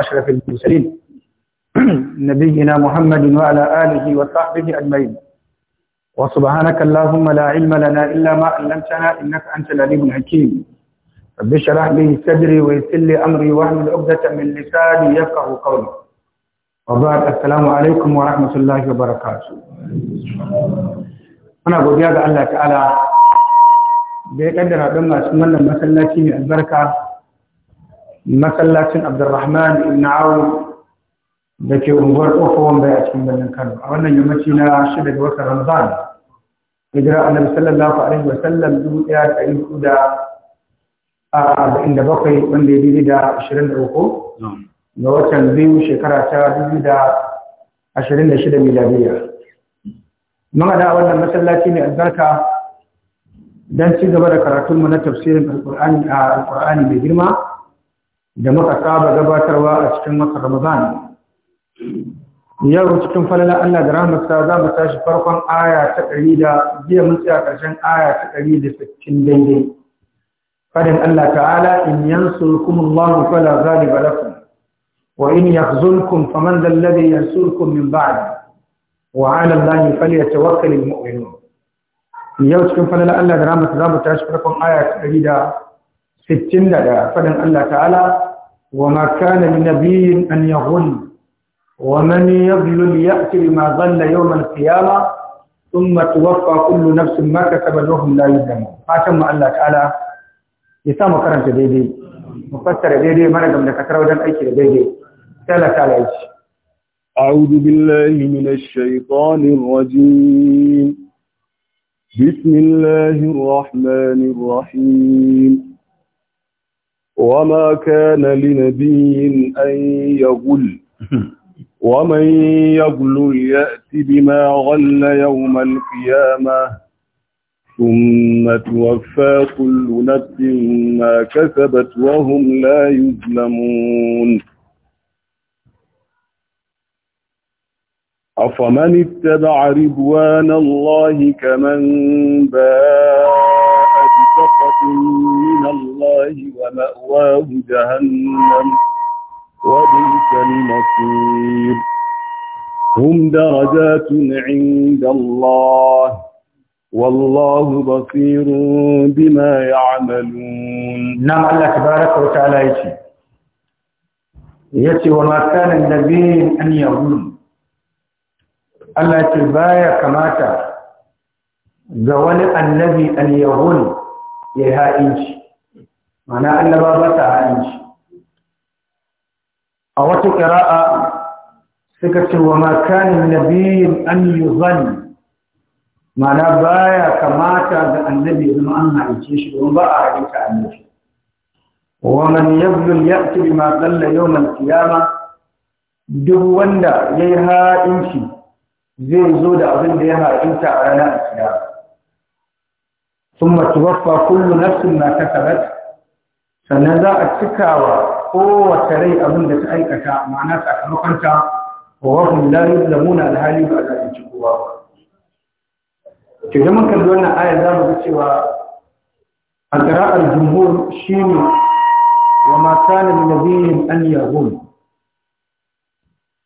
أشرف المرسلين نبينا محمد وعلى آله وصحبه أجمعين وسبحانك اللهم لا علم لنا إلا ما علمتنا إنك أنت العليم الحكيم رب اشرح لي صدري ويسر لي أمري واحلل عقدة من لساني يفقهوا قولي وبعد السلام عليكم ورحمة الله وبركاته أنا godiya ga Allah ta'ala da ya kaddara don masu wannan masallaci mai albarka masallacin abdurrahman ibn awu da ke unguwar ƙofa wanda a cikin birnin kano a wannan yammaci na shida ga wata ramadan hijira annabi sallallahu alaihi wa sallam dubu ɗaya da ɗari hudu da arba'in da bakwai wanda ya daidai da ashirin da uku ga watan biyu shekara ta dubu da ashirin da shida miladiyya mun a wannan masallaci mai albarka don ci gaba da karatunmu na tafsirin alƙur'ani mai girma da muka saba gabatarwa a cikin watan Ramadan. Yau cikin falala Allah da rahmatsa za mu tashi farkon aya ta ɗari da jiya mun tsaya ƙarshen aya ta ɗari da sittin daidai. Fadin Allah ta'ala in yansurkum Allah fala ghaliba lakum wa in yakhzulkum faman dhal ladhi yansurkum min ba'di wa 'ala Allahi falyatawakkalul mu'minun. Yau cikin falala Allah da rahmatsa za mu tashi farkon aya ta ɗari da 61 fadin Allah ta'ala وما كان لنبي أن يغل ومن يغل يأتي بما ظل يوم القيامة ثم توفى كل نفس ما كسبت وهم لا يظلمون فاتم الله تعالى يسامى كرمت ديدي مفسر ديدي ما نقدر لك ترى وجن أيش تعالى تعالى أيش أعوذ بالله من الشيطان الرجيم بسم الله الرحمن الرحيم وما كان لنبي أن يغل ومن يغل يأت بما غل يوم القيامة ثم توفى كل نفس ما كسبت وهم لا يظلمون أفمن اتبع رضوان الله كمن بات رحمة من الله ومأواه جهنم وبئس المصير هم درجات عند الله والله بصير بما يعملون نعم الله تبارك وتعالى يتي يتي وما كان النبي أن يظلم الله تبايا كماتا kamata ga أن annabi ya yi ha'inci mana annaba ba ta ha'inci a wata ƙira'a suka ce wa makanin nabiyin an yi zan mana baya kamata ga annabi zama an haice shi don ba a haɗinta annabi wa man ya ya'ti bi qalla yau al-qiyamah duk wanda yayi ha'inci zai zo da abin da ya ha'inta a ranar kiyama ثم توفى كل نفس ما كسبت sannan za a cikawa kowace rai abin da ta aikata ma'ana sakamakonta wa wahum la da hali ba za a ci kowa ba to idan kalli wannan aya za mu ga cewa a qira'ar jumhur shine wa ma kana min an yahum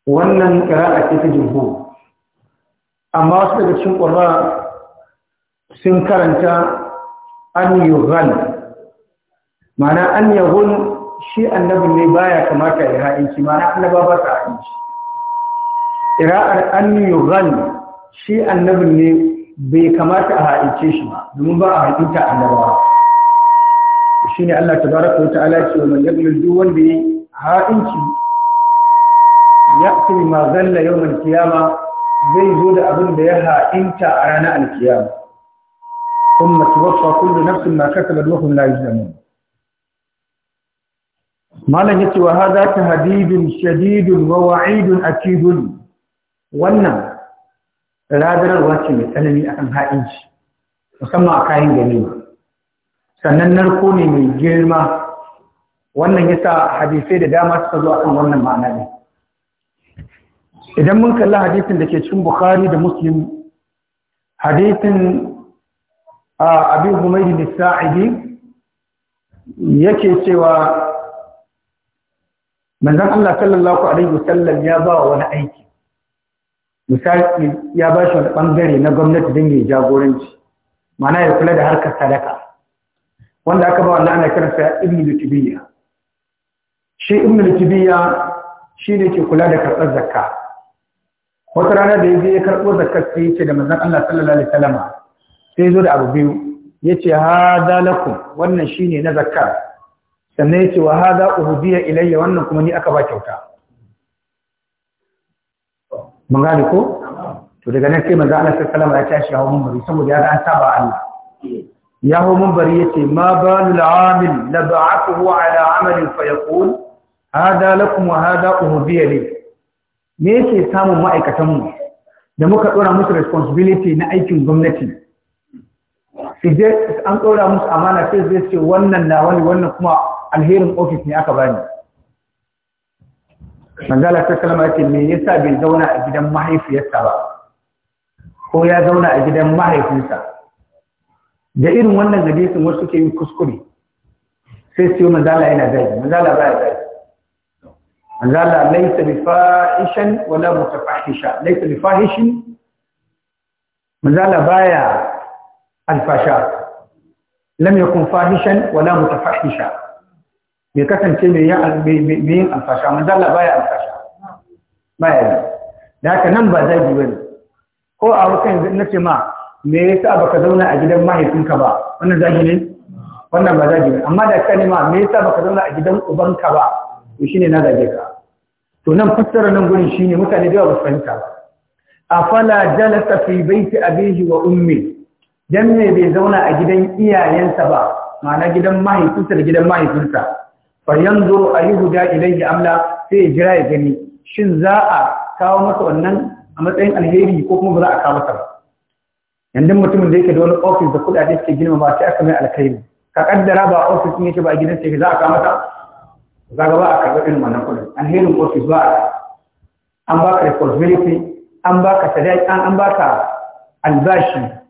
wannan qira'a ke ta jumhur amma wasu daga cikin qurra sun karanta an yughal ma'ana an yu-Hun shi annabin ne baya kamata ya ha'inci ma'ana annaba ba ta ha'inci ira'ar an yughal shi annabin ne bai kamata a ha'ince shi ba domin ba a ha'inta annaba shine Allah tabaraka wa ta'ala ce wa mai yaghlu duk wanda ya ha'inci ya'ti ma zalla yau mai kiyama zai zo da abin da ya ha'inta a ranar al ثم توفى كل نفس ما كسبت malam yace wa hadha tahdidun shadidun wa wa'idun akidun wannan radararwa ce mai tsanani akan ha'inci musamman a kayan ganima sannan narko ne mai girma wannan yasa hadisai da dama suka zo akan wannan ma'ana ne idan mun kalli hadisin da ke cikin bukhari da muslim hadisin abi humaydi bisa'idi yake cewa manzon Allah sallallahu alaihi wasallam ya ba wa wani aiki misali ya ba shi wani bangare na gwamnati don ya jagoranci mana ya kula da harkar sadaka wanda aka ba wannan ana kiransa ibn lutubiyya shi ibn lutubiyya shine ke kula da karɓar zakka wata rana da ya je ya karɓo zakkar sai ya ce da manzon Allah sallallahu alaihi wasallama sai zo da abu biyu Ya yace hada lakum wannan shi ne na zakka sannan ya ce, wa hada uhdiya ilayya wannan kuma ni aka ba kyauta mun gane ko to daga nan sai maza Allah sallallahu alaihi ya tashi hawo munbari saboda ya ga an saba Allah ya hawo munbari yace ma balul amil nab'athu ala amalin fa yaqul hada lakum wa hada biya ne. me yake samun ma'aikatanmu? da muka tsora musu responsibility na aikin gwamnati su an ɗora musu amana sai zai ce wannan na wani wannan kuma alherin ofis ne aka bani manzala ta kalama ce me yasa bai zauna a gidan mahaifiyarsa ba ko ya zauna a gidan mahaifinsa da irin wannan hadisin wasu suke yi kuskure sai su yi manzala yana zai manzala ba ya zai manzala laisa bi fahishan wala mutafahisha laisa bi fahishin manzala baya alfasha lam yakun fahishan wala mutafahisha bai kasance mai yin alfasha manzala baya alfasha baya yi da haka nan ba zagi ba ne ko a wata yanzu na ma me yasa baka zauna a gidan mahaifinka ba wannan zagi ne wannan ba zagi ba amma da kalima me yasa baka zauna a gidan ubanka ba to shine na zage ka to nan fassara nan gurin shine mutane da ba su fahimta ba afala jalasa fi baiti ummi dan me bai zauna a gidan iyayensa ba ma'ana gidan mahaifinsa da gidan mahaifinsa fa yanzu idan ilayhi amla sai ya jira ya gani shin za a kawo masa wannan a matsayin alheri ko kuma ba za a kawo masa ba yanzu mutumin da yake da wani ofis da kuɗaɗe suke gina ba sai aka mai alkhairi ka kaddara ba ofis ne yake ba gidan sai za a kawo masa za ga ba a karɓar irin wannan kuɗin alherin ofis ba an baka responsibility an baka sadaki an baka albashi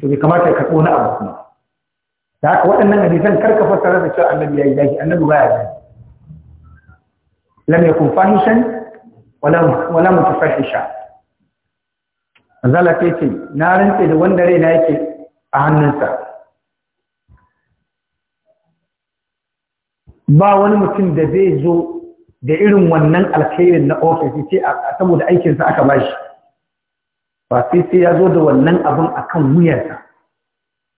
to bai kamata ka wani abu kuma da haka waɗannan hadisan kar ka fassara da cewa annabi ya yi zaki annabi baya zaki lam yakun fahishan wala wala mutafahisha azala ce na rantse da wanda raina yake a hannunsa ba wani mutum da zai zo da irin wannan alkhairin na ofis ce a saboda aikinsa aka bashi ba sai sai ya zo da wannan abin akan wuyarsa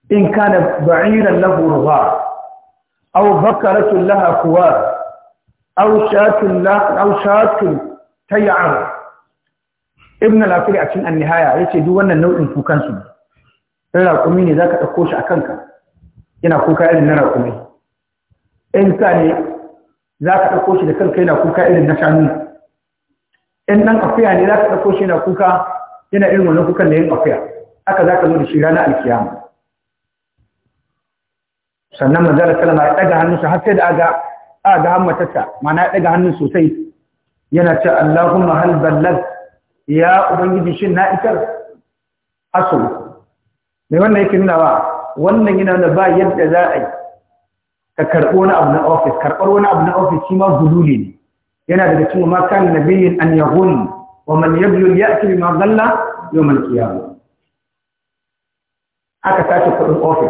in kana ba'iran lahu ruwa aw bakaratun laha kuwa aw shatun la aw shatun tay'ar ibn al-afir a cin an ya ce duk wannan nau'in kukansu. su sai raƙumi ne zaka dauko shi a kanka. yana kuka irin na raƙumi in ka ne za ka ɗauko shi da kanka yana kuka irin na shanu in dan afiya ne za ka ɗauko shi yana kuka yana irin wannan kukan da yin akuya haka za ka zo da shi ranar alkiyama sannan manzala salama ya ɗaga hannunsa har sai da aga aga hammatarsa mana ya ɗaga hannun sosai yana ce Allahumma hal ballag ya ubangiji shin na isar asu mai wannan yake nuna ba wannan yana da ba yadda za a yi ka karɓo wani abu na ofis karɓar wani abu na ofis shi ma gululi ne yana daga cikin ma kan nabiyin an yahun ومن يبذل يأتي بما ظل يوم القيامة aka tashi kudin ofis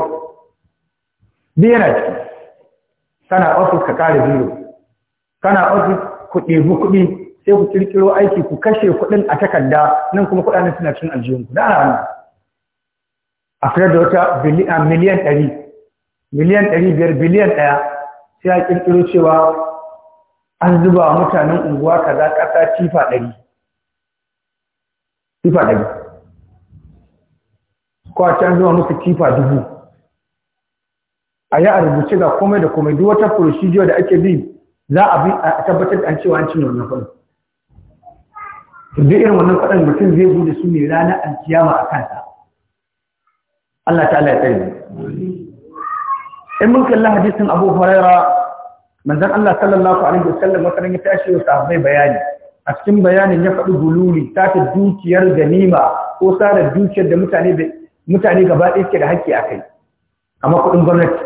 biyana ci. kana ofis ka kare zero kana ofis ku ɗebi kuɗi sai ku kirkiro aiki ku kashe kuɗin a takarda nan kuma kuɗanen suna cin ku da ana wannan a fiye da wata miliyan ɗari miliyan ɗari biyar biliyan ɗaya sai a kirkiro cewa an zuba mutanen unguwa kaza ƙasa cifa ɗari kifa ɗari ko a can zuwa musu kifa dubu a yi a rubuce ga komai da komai duk wata procedure da ake bi za a bi a tabbatar da an cewa an cinye wannan kuɗin duk irin wannan kuɗin mutum zai bude su ne ranar alkiyama a kansa Allah ta'ala ya tsaye in mun kalli hadisin Abu Huraira manzon Allah sallallahu alaihi wasallam wata ya tashi wa sahabbai bayani a cikin bayanin ya faɗi gululi sata dukiyar ganima ko sara dukiyar da mutane gaba ɗaya ke da haƙƙi a kai amma makudin gwamnati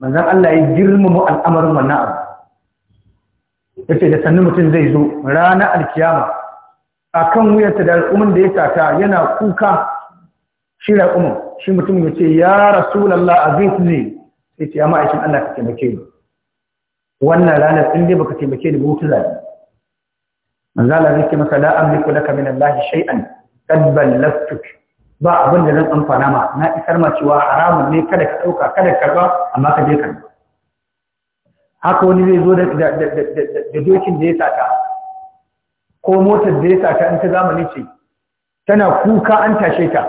manzan Allah ya girmama al'amarin wannan abu ya ce da sannu mutum zai zo rana alkiyama a kan wuyarta da al'umman da ya tata yana kuka shi raƙumin shi mutum ya ce ya rasulallah aziz ne sai ce ya ma'aikin Allah ka taimake ni wannan ranar in dai baka taimake ni ba manzo Allah yake maka la amliku laka min Allah shay'an qad ballaftuk ba abin da zan amfana ma na isar ma cewa haramun ne kada ka dauka kada ka karba amma ka je ka haka wani zai zo da da dokin da ya sata ko motar da ya sata in ta zamani ce tana kuka an tashe ta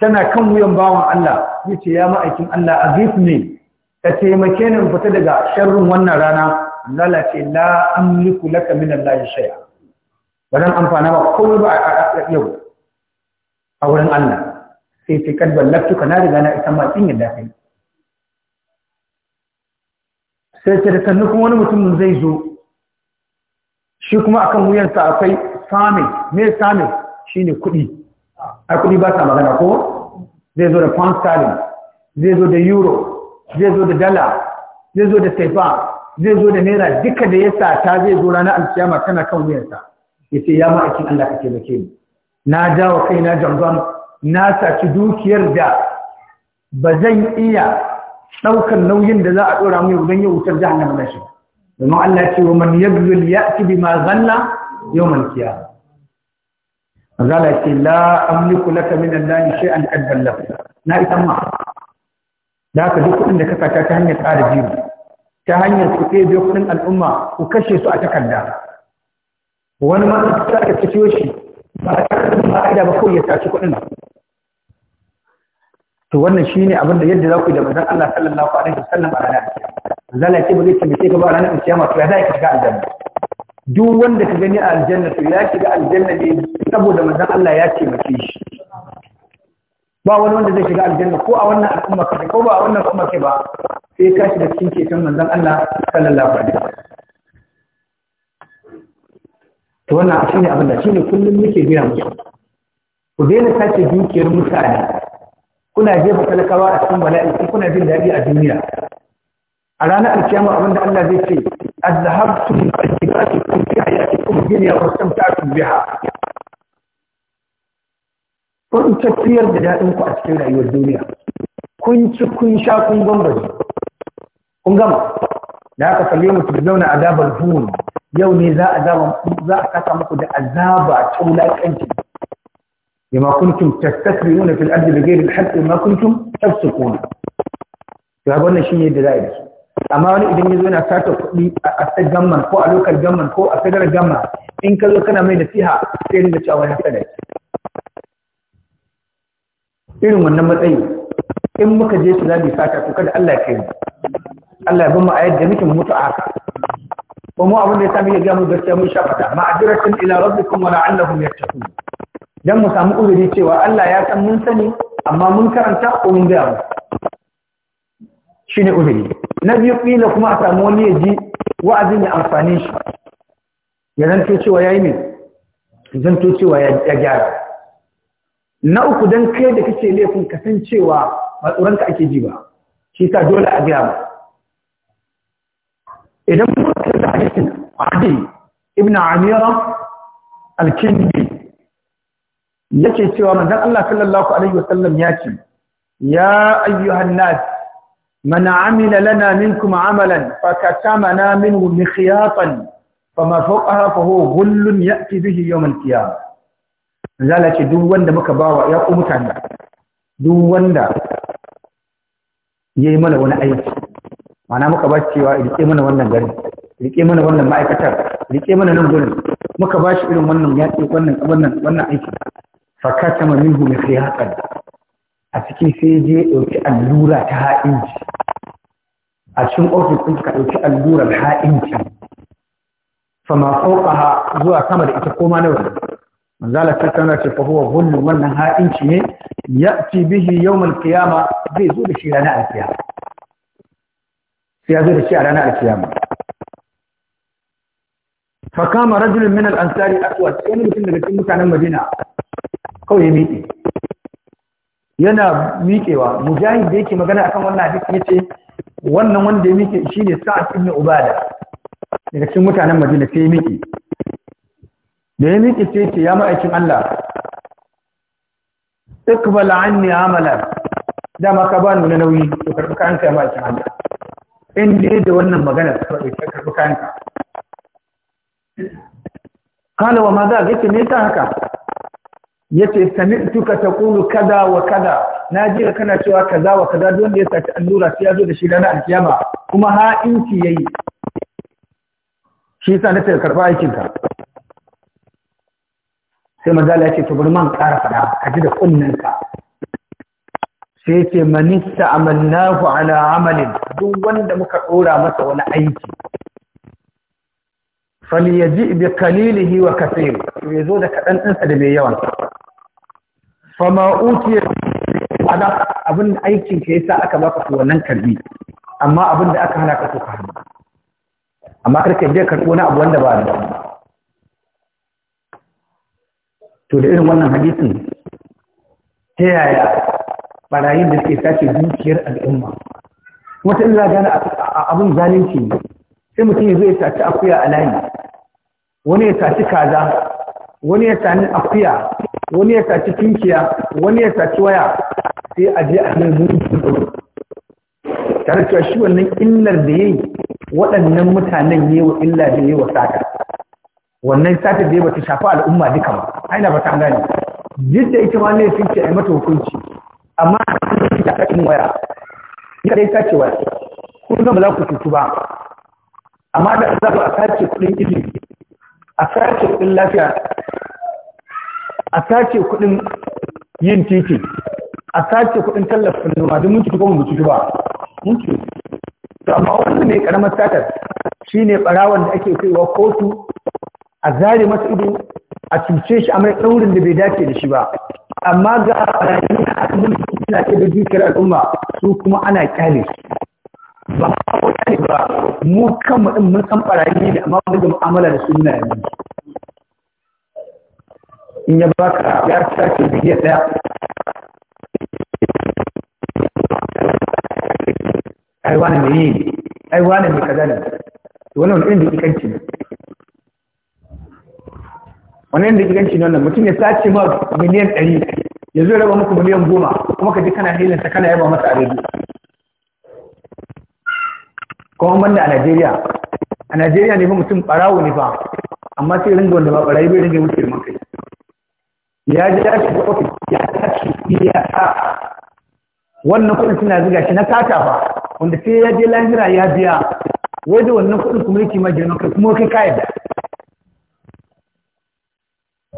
tana kan wuyan bawan Allah ce ya ma'aikin Allah ne, ka taimake ni fita daga sharrin wannan rana Allah ce la amliku laka min Allah ba zan amfana ba komai ba a yau a wurin Allah sai ce kad ka na riga na isa ma ɗin yadda kai sai ce da sannu kuma wani mutum zai zo shi kuma akan wuyansa akwai sami me shi ne kuɗi a kuɗi ba sa magana ko zai zo da pound sterling zai zo da euro zai zo da dala, zai zo da saifa zai zo da naira duka da ya sata zai zo ranar alkiyama tana kan wuyansa. yace ya ma'aikin Allah ka taimake ni na kai na jangon na saci dukiyar da ba zan iya ɗaukar nauyin da za a ɗora mu yau don yau wutar jahannama na shi domin Allah ce wa man yabzul ya'ti bima zanna yawmal qiyamah Allah ce la amliku laka min Allah shay'an addan lak na isan ma da ka duk kuɗin da ka saka ta hanyar ƙara jiri ta hanyar ku ɗebe kuɗin al'umma ku kashe su a takarda wani ma da aka fito shi ba a ƙarfin ma'aida ba kawai ya saci kuɗin to wannan shine abin da yadda za ku yi da mazan Allah sallallahu alaihi wa sallam a ranar zalla ce ba zai tambaye ka ba a ranar kiyama to ya za ka shiga aljanna duk wanda ka gani a aljanna to ya shiga aljanna ne saboda mazan Allah ya ce mace shi ba wani wanda zai shiga aljanna ko a wannan al'umma kai ko ba a wannan al'umma kai ba sai ka shiga cikin ceton manzon Allah sallallahu alaihi wa sallam. to wannan shi ne abin da shi ne kullum muke gina musu ku daina sace dukiyar mutane kuna jefa talakawa a cikin bala'i sai kuna jin daɗi a duniya a ranar alkiyama abin da Allah zai ce azhabtum tayyibatikum fi hayatikum dunya wa istamta'tum biha kun tafiyar da daɗin ku a cikin rayuwar duniya kun ci kun sha kun gwambaji kun gama da aka falle mutu da zauna azabar hun yau ne za a za a kasa muku da azaba ta wulaƙanci bima kuntum tastakbiruna fil ardi bighairi al-haqqi ma kuntum tafsukuna to ga wannan shine da za'i dace amma wani idan ya zo yana sata kuɗi a ƙasar government ko a local government ko a federal government in ka zo kana mai nasiha sai rinka cewa wani hasada irin wannan matsayi in muka je su za zabi sata to kada Allah ya kai Allah ya bin a yadda muke mutu a haka kuma abin da ya sami ya mu gaskiya mun sha fata ma'ajiratin ila rabbikum wa la'allahum yattaqun dan mu samu uzuri cewa Allah ya san mun sani amma mun karanta ko mun ga mu shine uzuri na biyu kila kuma a samu wani ya ji wa'azin ya amfani shi ya zanto cewa yayi ne zanto cewa ya gyara na uku dan kai da kake laifin kasancewa ba tsoron ka ake ji ba shi sa dole a gyara idan da hadisin Adi ibn Amira al-Kindi yake cewa manzon Allah sallallahu alaihi wasallam ya ce ya ayyuhan nas man amila lana minkum amalan fakatamana minhu mikhyatan fama fawqaha fa huwa ghullun ya'ti bihi yawm al-qiyamah zalace duk wanda muka bawa ya ku mutane duk wanda yayi mana wani aiki mana muka cewa mana wannan gari rike mana wannan ma'aikatar rike mana nan gurin muka ba shi irin wannan yaƙi wannan wannan wannan aiki fakata ma minhu mai sai a cikin sai je ɗauki allura ta ha'inci a cikin ofis ɗin ka ɗauki allurar ha'inci fama fauqaha zuwa sama da ita koma nawa manzala ta tana ce fa huwa hullu wannan ha'inci ne ya'ti bihi yawmal qiyama zai zo da shi ranar alkiyama sai ya zo da shi a ranar alkiyama fa kama rajulun min al-ansari aswad wani mutum daga cikin mutanen Madina kawai ya miƙe yana miƙewa mujahid da yake magana akan wannan hadisi yace wannan wanda ya miƙe shine Sa'ad ibn Ubada daga cikin mutanen Madina sai ya miƙe da ya miƙe sai yace ya ma'aikin Allah iqbal anni amalan dama ka bani ni nauyi to karɓi kayanka ya ma'aikin Allah in dai da wannan magana ka karɓi kayanka kala wa maza yake me ta haka yace ta taqulu kada wa kada naji kana cewa kaza wa kaza don ya saci allura sai ya da shi ranar alkiyama kuma ha inci yayi shi yasa nace karba aikin ka sai mazala ya to bari man ƙara fada ka ji da kunnen ka sai yace manista amalnahu ala amalin duk wanda muka ɗora masa wani aiki falyaji bi qalilihi wa kathir to zo da kaɗan ɗinsa sa da mai yawan fa ma utiya ada abin aikin ka sa aka ba ka to nan karbi amma abin da aka hana ka to ka hana amma kar biyar je karbo na abu wanda ba da to da irin wannan hadisin ta yaya barayin da suke sake dukiyar al'umma wata illa gane abin zalunci ne sai mutum ya zo ya akuya a layi wani ya saci kaza wani ya sani akuya wani ya saci tunkiya wani ya saci waya sai a je a nan zuwa tare cewa shi wannan illar da yi waɗannan mutanen ne wa illa da yi wa sata wannan sata da yayi bata shafi al'umma duka ba aina ba ta gane duk da ita ma ne sun ce ai mata hukunci amma ta kakin waya ya dai sace waya kun ba za ku tutu ba amma da za ku a sace kuɗin ilimi a sace kuɗin lafiya a sace kuɗin yin titi a sace kuɗin tallafin noma don mun ci kuma mu ba mun ci to amma wannan mai karamar satar shine barawon da ake kaiwa kotu a zare masa ido a cuce shi a mai ɗaurin da bai dace da shi ba amma ga rayuwa a cikin suna ce da dukiyar al'umma su kuma ana kyale ba ma wata ne ba mu kan din mun san barayi ne amma mun da mu'amala da su muna yanzu in ya ba ka, ya sake biyar daya ai wani mai yi ai wani mai kaza ne wani wani irin da ikanci ne wani irin da ikanci ne wannan mutum ya sace ma miliyan ɗari ya zo raba muku miliyan goma kuma ka ji kana hilanta kana yaba masa a rediyo kuma banda a Najeriya a Najeriya ne fa mutum barawo ne fa amma sai ringa wanda ba barayi bai ringa wuce man kai ya ji ya shiga ofis ya tashi ya ta wannan kuɗin suna ziga shi na kata fa wanda sai ya je lahira ya biya wai da wannan kuɗin kuma yake ma girman kai kuma kai ka yarda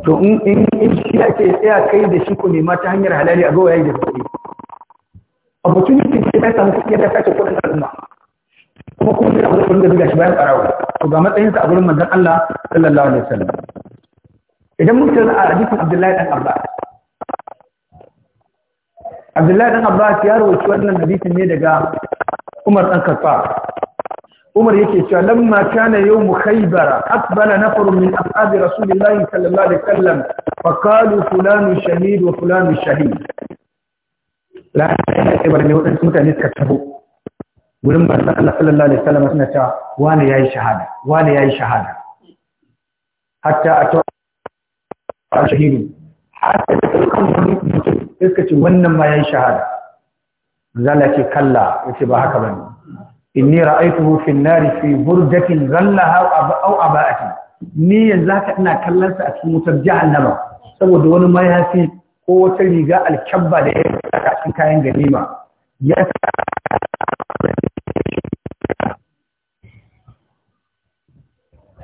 to in in shi ake tsaya kai da shi ku nema ta hanyar halali a ya yi da kuɗi opportunity ce ta samu kuɗi ta sace kuɗin al'umma kuma kuma sai abu da daga shi bayan karawa to ga matsayinsa a gurin manzon Allah sallallahu alaihi wasallam idan mun tsara a hadisin Abdullahi dan Abbas Abdullahi dan Abbas ya rawaci wannan hadisin ne daga Umar dan Kaffa Umar yake cewa lamma kana yawm Khaybar aqbala nafar min ashabi Rasulillahi sallallahu alaihi wasallam fa qalu fulan shahid wa fulan shahid la ta ne wannan mutane suka tabo gurin manzon Allah sallallahu alaihi wasallam suna cewa wani yayi shahada wani yayi shahada hatta a to a shahidu hatta da kan wani mutum iska ce wannan ma yayi shahada zalla ce kalla yace ba haka bane inni ra'aytuhu fi an-nari fi burdatin zallaha aw aba'atin ni yanzu haka ina kallon sa a cikin wutar jahannama saboda wani mayafi ko wata riga alkabba da ya saka cikin kayan ganima ya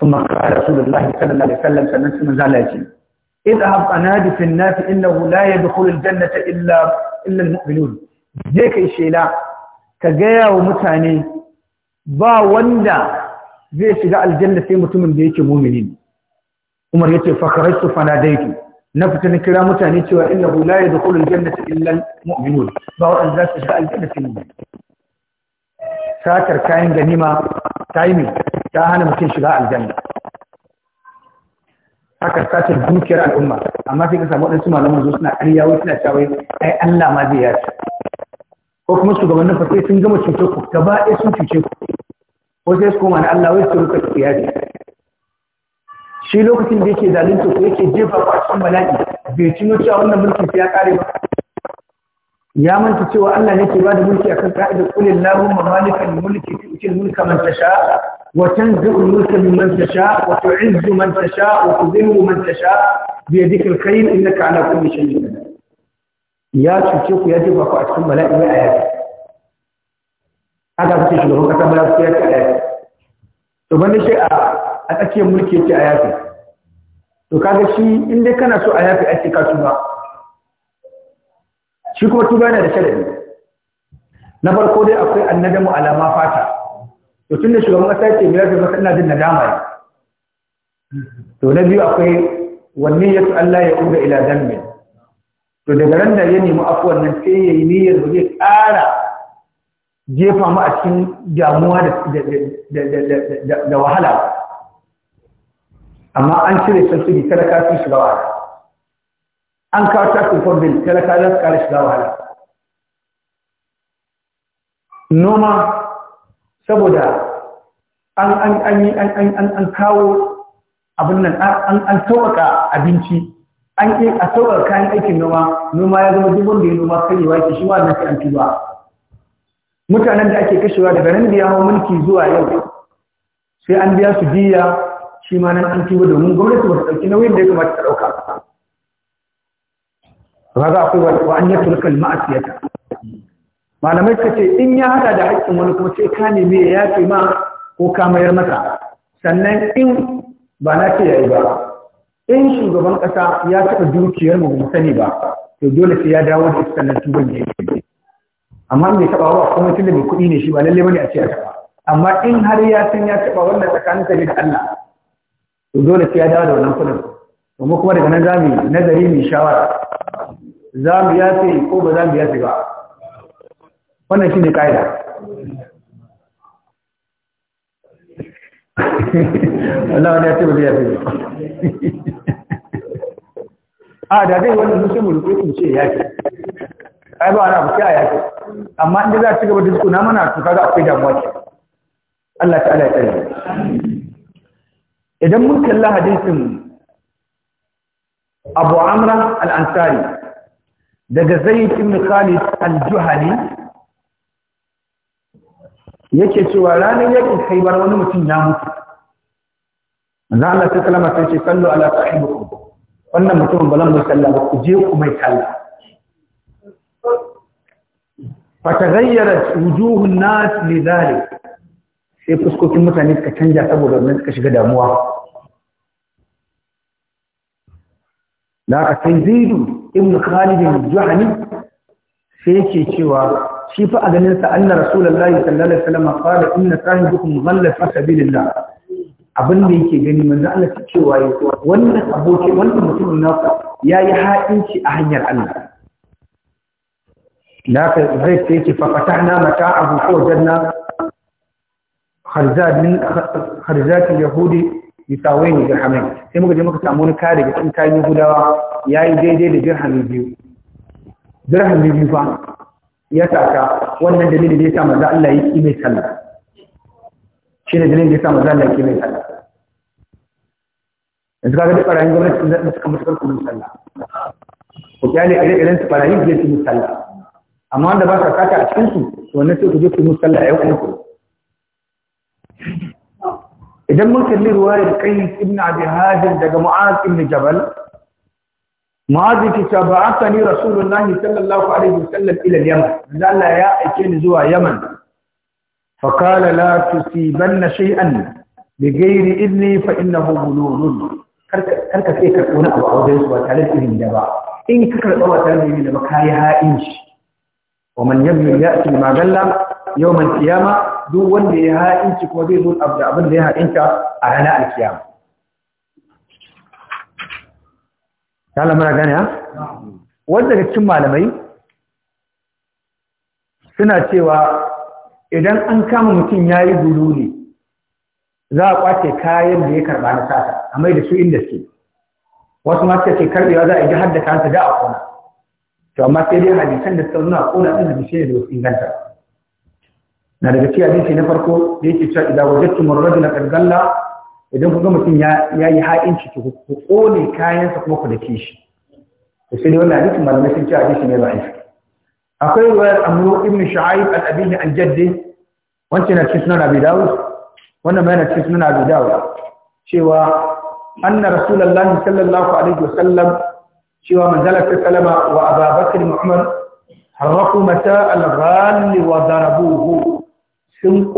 ثم قال رسول الله صلى الله عليه وسلم سنن ثم زالتي اذهب انادي في الناس انه لا يدخل الجنه الا الا المؤمنون je kai shela ka gaya wa mutane ba wanda zai shiga aljanna sai mutumin da yake mumini umar yace fa kharajtu fa nadaitu na fita na kira mutane cewa innahu la yadkhulul jannata illa almu'minun ba wanda za su shiga aljanna sai satar kayan ganima timing ta hana mutum shiga aljanna haka sace dukiyar al'umma amma sai ka samu waɗansu malaman zo suna ƙarya wai suna cewa ai Allah ma zai yace. ko kuma shugabannin fa sai sun gama cuce ku gaba ɗaya sun cuce ku ko sai su koma da Allah wai su ruka su yaci shi lokacin da yake zalunta ko yake jefa ku a cikin bala'i bai tuno cewa wannan mulki sai ya kare ba يا من تسوى الله يكي بعد ملكي أكل قائد قل اللهم مالك الملك تؤتي الملك من تشاء وتنزع الملك من من تشاء وتعز من تشاء وتذل من تشاء بيدك الخير إنك على كل شيء من يا تشوف يا جبا فأتكم ملائم آيات هذا بس يشغلون كتا ملائم في آيات طبعا نشيء أتكي آه، ملكي في آياتي وكذا شيء إن كان سوء آياتي أتكاتبا shi kuma tuba yana da sharadi na farko dai akwai mu alama fata to tun da shugaban kasa ce biyar da maka ina jin nadama ne to na biyu akwai wanne ya su Allah ya kuga ila dambe to daga ran da ya nemi afuwan nan sai ya yi niyyar zai ƙara jefa mu a cikin damuwa da wahala amma an cire sun su bi talaka shiga an kawo takin fondin talaka za su kare shiga wahala noma saboda an kawo abin nan an sauƙaƙa abinci an a sauƙaƙa kayan aikin noma noma ya zama duk wanda ya noma kai, karewa ke shi nan sai an tuba mutanen da ake kashewa daga nan da ya hau mulki zuwa yau sai an biya su diya shi ma nan an tuba domin gwamnati ba ta ɗauki nauyin da ya kamata ta ɗauka kaga akwai wa an yatrukal ma'asiyata malamai suka ce in ya hada da haƙƙin wani kuma sai ka nemi ya yafe ma ko ka mayar masa sannan in ba na ce yayi ba in shugaban ƙasa ya taɓa dukiyar mu mu sani ba to dole sai ya dawo da sannan tuban ya yi amma me taɓa wa kuma tunda mai kuɗi ne shi ba lalle bane a ce ya taɓa amma in har ya san ya taɓa wannan tsakanin ka da Allah to dole sai ya dawo da wannan kuɗin kuma kuma daga nan zamu nazari mai shawara zamu ce ko ba zamu ce ba wannan shine kaida Allah ne ya ce ba zai ce a da zai wani musulmi da kuma ce ce ai ba ana abu ya a amma inda za a ci gaba da na mana su kaga akwai damuwa ce Allah ta'ala ya tsare idan mun kalla hadisin abu amra al-ansari daga zaid ibn khalid al-juhani yake cewa ranar yakin khaybar wani mutum ya mutu Za a ta kalama sai ce sallu ala ta sahibikum wannan mutum ba zan mai sallah ba ku je ku mai sallah fa taghayyarat wujuhun nas lidhalik sai fuskokin mutane suka canja saboda wannan suka shiga damuwa da aka sai zaidu ibn khalid juhani sai yake cewa shi fa a ganin sa anna rasulullahi sallallahu alaihi wasallam qala inna sahibukum dhalla fi sabilillah abin da yake gani manzo Allah ta cewa wannan aboki wannan mutumin ya yi haɗinci a hanyar Allah da aka zai sai yake fa fatahna mata'ahu fa wajadna kharzat min kharzat yahudi yisawai ne dirhamai sai muka je muka samu wani kare da kan kayan yahudawa ya yi daidai da dirhami biyu dirhami biyu fa ya saka wannan dalilin da ya sa maza Allah ya ƙi mai sallah shi ne dalilin da ya sa maza Allah ya ƙi mai sallah yanzu kaga duk ɓarayin gwamnati sun zaɓi suka matuƙar kudin sallah ku kyale ire-iren su ɓarayin zai su yi sallah amma wanda ba sa saka a cikinsu to wannan sai ku je ku yi sallah yau yi ku idan mun kalli ruwayar qais ibn abi hazim daga mu'az ibn jabal mu'az yake cewa ba'athani rasulullahi sallallahu alaihi wasallam ila yaman Allah ya aike ni zuwa yaman fa qala la tusibanna shay'an bighairi idni fa innahu bululun karka sai ka tsona abu a wajen su ba tare da izini da ba in ka karɓa ba tare da izini da ba kayi ha'in shi wa man yabni ya'ti ma galla yawmal qiyama duk wanda ya ha'inci kuma zai zo da abin da ya ha'inta a ranar alkiyama ta lamara gane ya? wanda ga cin malamai suna cewa idan an kama mutum ya yi zulu ne za a kwace kayan da ya karɓa na sata a mai da su inda su. wasu masu suka ce karɓewa za a ji haddaka da da a kuna. to amma sai dai hadisan da suka a kona ɗin da bishe da wasu inganta na daga cikin hadisi na farko da yake cewa idan wajadtum ar-rajula qad galla idan kuga mutum ya yi ha'inci ku kone kayansa kuma ku da ke shi to sai dai wannan hadisi malamai sun ce hadisi ne da'if akwai riwayar amru ibn shu'aib al-abihi al-jaddi wancan na cikin sunan abi dawud wannan ma yana cikin sunan abi dawud cewa anna rasulullahi sallallahu alaihi wa Sallam, cewa manzalar ta kalama wa ababakar muhammad harraku mata al-ghali wa darabuhu sun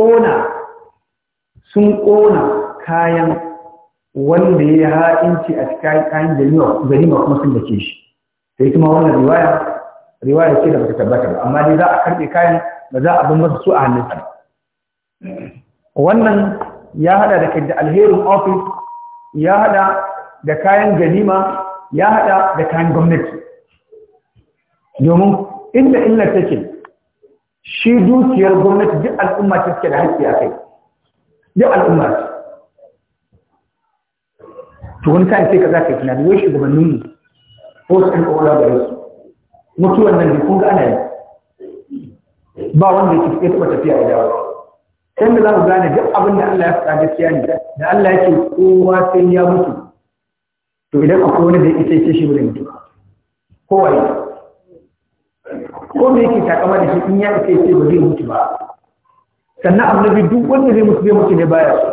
ƙona kayan wanda ya ha'inci a cikin kayan ganima kuma sun ke shi sai kuma wannan riwaya riwaya ce da bata tabbata ba amma dai za a karɓe kayan ba za a bin su a hannunsa wannan ya hada da kai da alherin ofis ya hada da kayan ganima ya hada da kayan gwamnati domin inda illar take shi dukiyar gwamnati duk al'umma ta suke da haƙƙi a kai duk al'umma ce to wani kayan sai ka za ka yi tunani wai mu ko su ɗan ƙwaƙwalwa da wasu mutuwan nan da kun ga ana yi ba wanda ya ke taɓa tafiya ya dawo sai da za mu gane duk abin da Allah ya faɗa gaskiya ne da Allah yake kowa sai ya mutu to idan akwai wani da ya ita ce shi wurin mutu kowa ya ko me yake takama da shi in ya ce ce ba zai mutu ba sannan annabi duk wanda zai mutu zai mutu ne baya so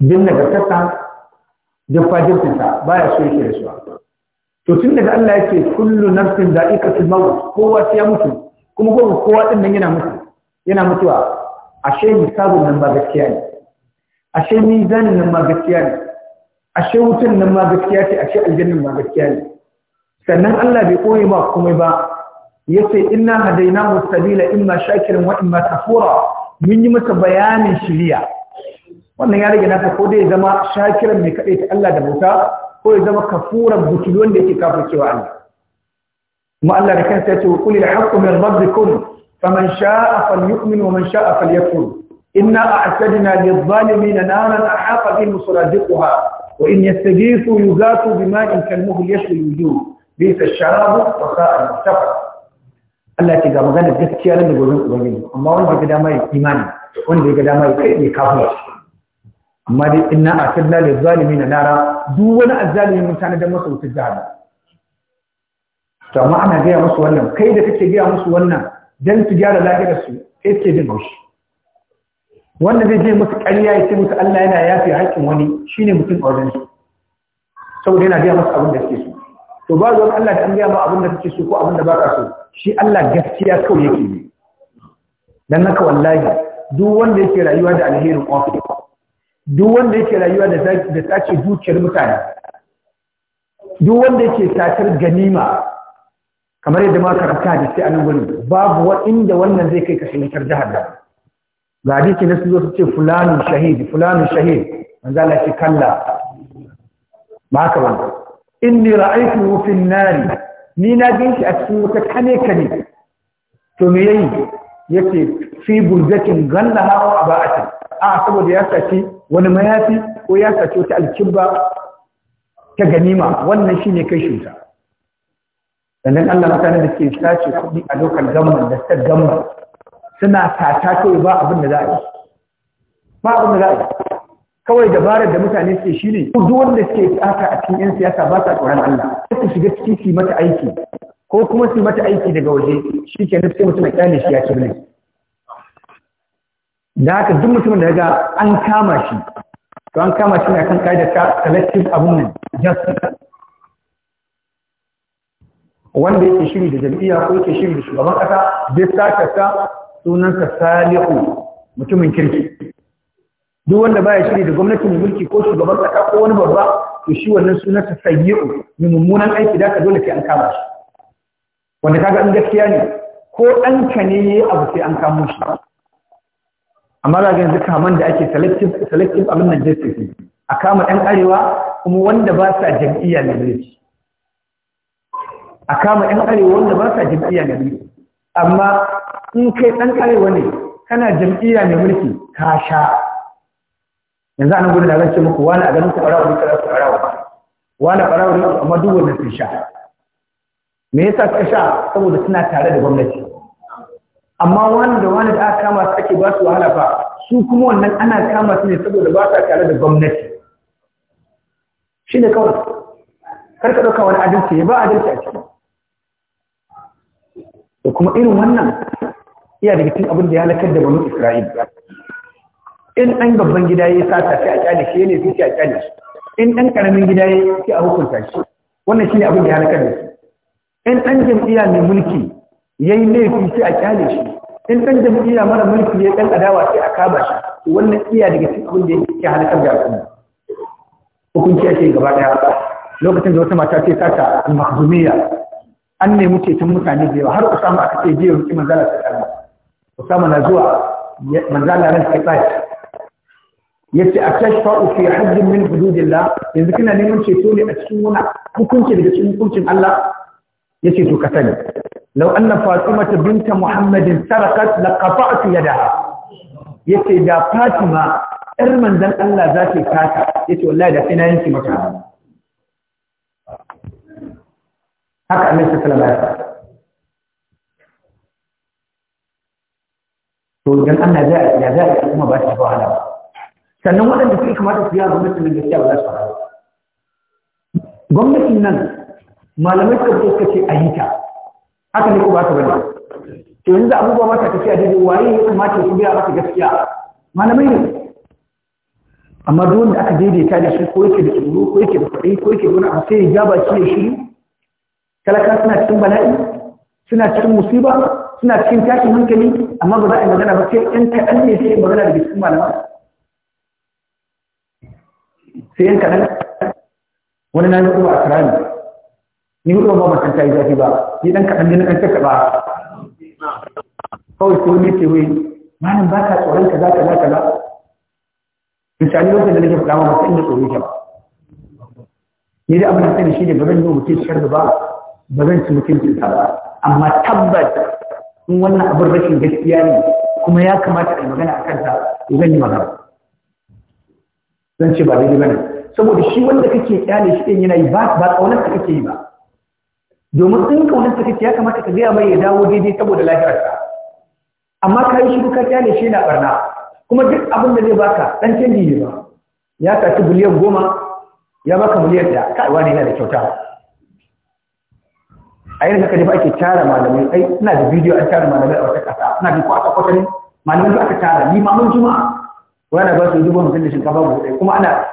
din nagartarsa da ta baya so yake da su to tun daga Allah yake kullu nafsin da'iqatul maut kowa sai ya mutu kuma kowa kowa din nan yana mutu yana mutuwa ashe misabun nan ba gaskiya ne ashe mizanin nan ma gaskiya ne ashe wutan nan ma gaskiya ce ashe aljannan ma gaskiya ne sannan Allah bai koye ba kuma ba yace inna hadaina sabila imma shakirin wa imma kafura mun yi masa bayanin shiriya wannan ya rage naka ko dai zama shakiran mai kaɗai ta Allah da bauta ko ya zama kafuran butulu wanda yake kafircewa Allah kuma Allah da kansa yace qul lil haqqi min rabbikum faman sha'a falyu'min wa man sha'a falyakfur inna a'tadna lil zalimin naran ahata bihim suradiquha wa in yastaghithu yughathu bima'in kalmuhl yashwi wujuh bisa sharabu wa sa'al mustafa Allah ya ce ga magana gaskiya nan da gurin ubangiji amma wanda ga dama ya imani wanda ga dama ya kai ya kafin amma dai inna asalna lil zalimin nara duk wani azzalimin mutane da masa wutar jahannam to amma ana gaya musu wannan kai da kake gaya musu wannan dan su gyara lafiyar su sai ce jin haushi wanda zai je musu ƙarya ya ce musu Allah yana yafi haƙƙin wani shine mutum a wajen su saboda yana gaya musu abin da suke so to ba zuwan Allah ta gaya ma abin da kake so ko abin da baka so shi Allah gaskiya kawai yake yi dan haka wallahi duk wanda yake rayuwa da alherin ofis duk wanda yake rayuwa da da tace dukiyar mutane duk wanda yake tatar ganima kamar yadda ma karanta da sai anan gurin babu wa inda wannan zai kai ka shigar da ga hadisi na su zo su ce fulani shahidi fulani shahidi manzala Allah kalla ba ka wannan inni ra'aytuhu fi an-nar ni na gan shi a cikin wata kane kane to me yayi yace fi burjatin gannaha wa aba'atin a saboda ya saci wani mayafi ko ya saci wata alkibba ta ganima wannan shine kai shuta sannan Allah mutanen da ke sace kuɗi a lokal gamman da ta gamma suna tata kawai ba abin da za a yi ba abin da za a yi kawai dabarar da mutane suke shi ne duk wanda suke tsaka a cikin yan siyasa ba sa tsoron Allah su shiga ciki su mata aiki ko kuma su mata aiki daga waje shi ke nufin mutum ya kyale shi ya ci bane da haka duk mutumin da ya ga an kama shi to an kama shi ne akan kaida ka collective abun nan justice wanda yake shiri da jam'iyya ko yake shiri da shugaban kasa bai saka sa sunansa salihu mutumin kirki duk wanda baya shiri da gwamnatin mulki ko shugaban kasa ko wani babba to shi wannan sunan ta sayyi'u mai mummunan aiki da ka dole sai an kama shi wanda kaga in gaskiya ne ko ɗanka ne yayi abu sai an kama shi amma ga yanzu kaman da ake selective selective abin nan justice a kama dan arewa kuma wanda ba sa jami'a ne zai a kama dan arewa wanda ba sa jami'a ne ne amma in kai dan arewa ne kana jami'a mai mulki ka sha yanzu a nan gudu na zan muku wani a ganin ku ne duka za su ɓarawa ba wani ɓarawa ne amma duk wannan sun sha me yasa ka sha saboda suna tare da gwamnati amma wani da wani da aka kama su ake ba su wahala ba, su kuma wannan ana kama su ne saboda ba sa tare da gwamnati shi ne kawai kar ka ɗauka wani adalci ya ba adalci a ciki da kuma irin wannan iya daga cikin abin da ya halakar da banu isra'ila in ɗan babban gida ya sata fi a kyale shi ne fi a kyale shi in ɗan karamin gida ya fi a hukunta shi wannan ne abin da ya halakar da shi in ɗan jam'iyya mai mulki ya yi laifi fi a kyale shi in ɗan jam'iyya mara mulki ya ɗan adawa sai a kaba shi wannan iya daga cikin abin da ya halakar da al'umma hukunci ce gaba ɗaya lokacin da wata mata ce ta mahzumiya an nemi ceton mutane da yawa har usama aka ce jiya ruki manzala ta karba usama na zuwa manzala ran sai tsaya yace a tashfa'u fi haddin min hududillah yanzu kana neman ceto ne a cikin wani hukunci daga cikin hukuncin Allah yace to ka sani law anna fatima binta muhammadin sarakat laqata'tu yadaha yace da fatima yar manzon Allah za ta kata yace wallahi da ina yanki maka haka annabi sallallahu alaihi wasallam to idan Allah ya ya za kuma ba shi wahala sannan waɗanda suke kamata su yi a gwamnatin nan gaskiya ba za su fara gwamnatin nan malamai suka fito suka ce a yi ta haka ne ko ba su bane to yanzu abubuwa ba ta tafiya da yawa yi ya kamata su biya masa gaskiya malamai ne amma duk wanda aka daidaita da shi ko yake da tsoro ko yake da kuɗi ko yake da wani abu sai ya ja baki ya shiru talaka suna cikin bala'i suna cikin musiba suna cikin tashin hankali amma ba za a yi magana ba sai ɗan kaɗan ne sai magana da cikin malamai sai yan kaɗan wani na yi a kirani ni hudu ba mutum ta yi zafi ba ni ɗan kaɗan jini ɗan cika ba kawai ko ne ce wai malam ba ka tsoron kaza kaza kaza misali lokacin da nake faɗa ma masu inda tsoro ke ba ni da abin da sani shi ne ba zan yi mutum ciyar da ba ba zan ci mutum mutuncin ba amma tabbas in wannan abin rashin gaskiya ne kuma ya kamata a yi magana a kansa zan yi magana zan ce ba daidai bane saboda shi wanda kake kyale shi ɗin yana yi ba ba kaunar ka kake yi ba domin in ƙaunar ka kake ya kamata ka gaya mai ya dawo daidai saboda lafiyarka amma ka yi shiru ka kyale shi na barna kuma duk abin da zai baka ɗan canji ne ba ya tafi biliyan goma ya baka miliyan ɗaya kai wani yana da kyauta a yanzu ka ba ake tara malamai ai ina da bidiyo an tara malamai a wata ƙasa ina da ko aka ne, malamai da aka tara limamin juma'a wani ba su dubu hamsin da shinkafa ba ɗaya kuma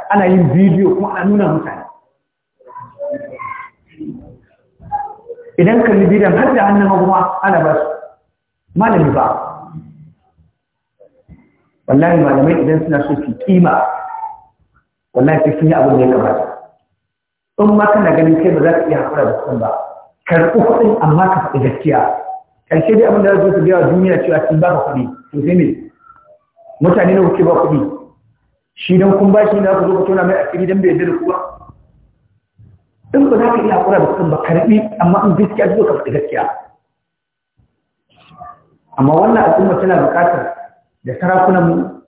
ana yin bidiyo kuma ana nuna mutane idan yi bidiyon har da hannun kuma ana ba su malami ba wallahi malamai idan suna so su kima wallahi sai sun yi abin da ya kamata in ma kana ganin kai ba za ka iya haƙura da kuɗin ba karɓi kuɗin amma ka faɗi gaskiya ƙarshe dai abin da za su biya wa duniya cewa sun ba ka kuɗi to sai me mutane ne kuke ba kuɗi shi don kun ba shi na ku zo tona mai asiri don bai yadda da ku ba in ba za ka iya haƙura da kuɗin ba karɓi amma in gaskiya zo ka faɗi gaskiya amma wannan al'umma tana buƙatar da sarakunanmu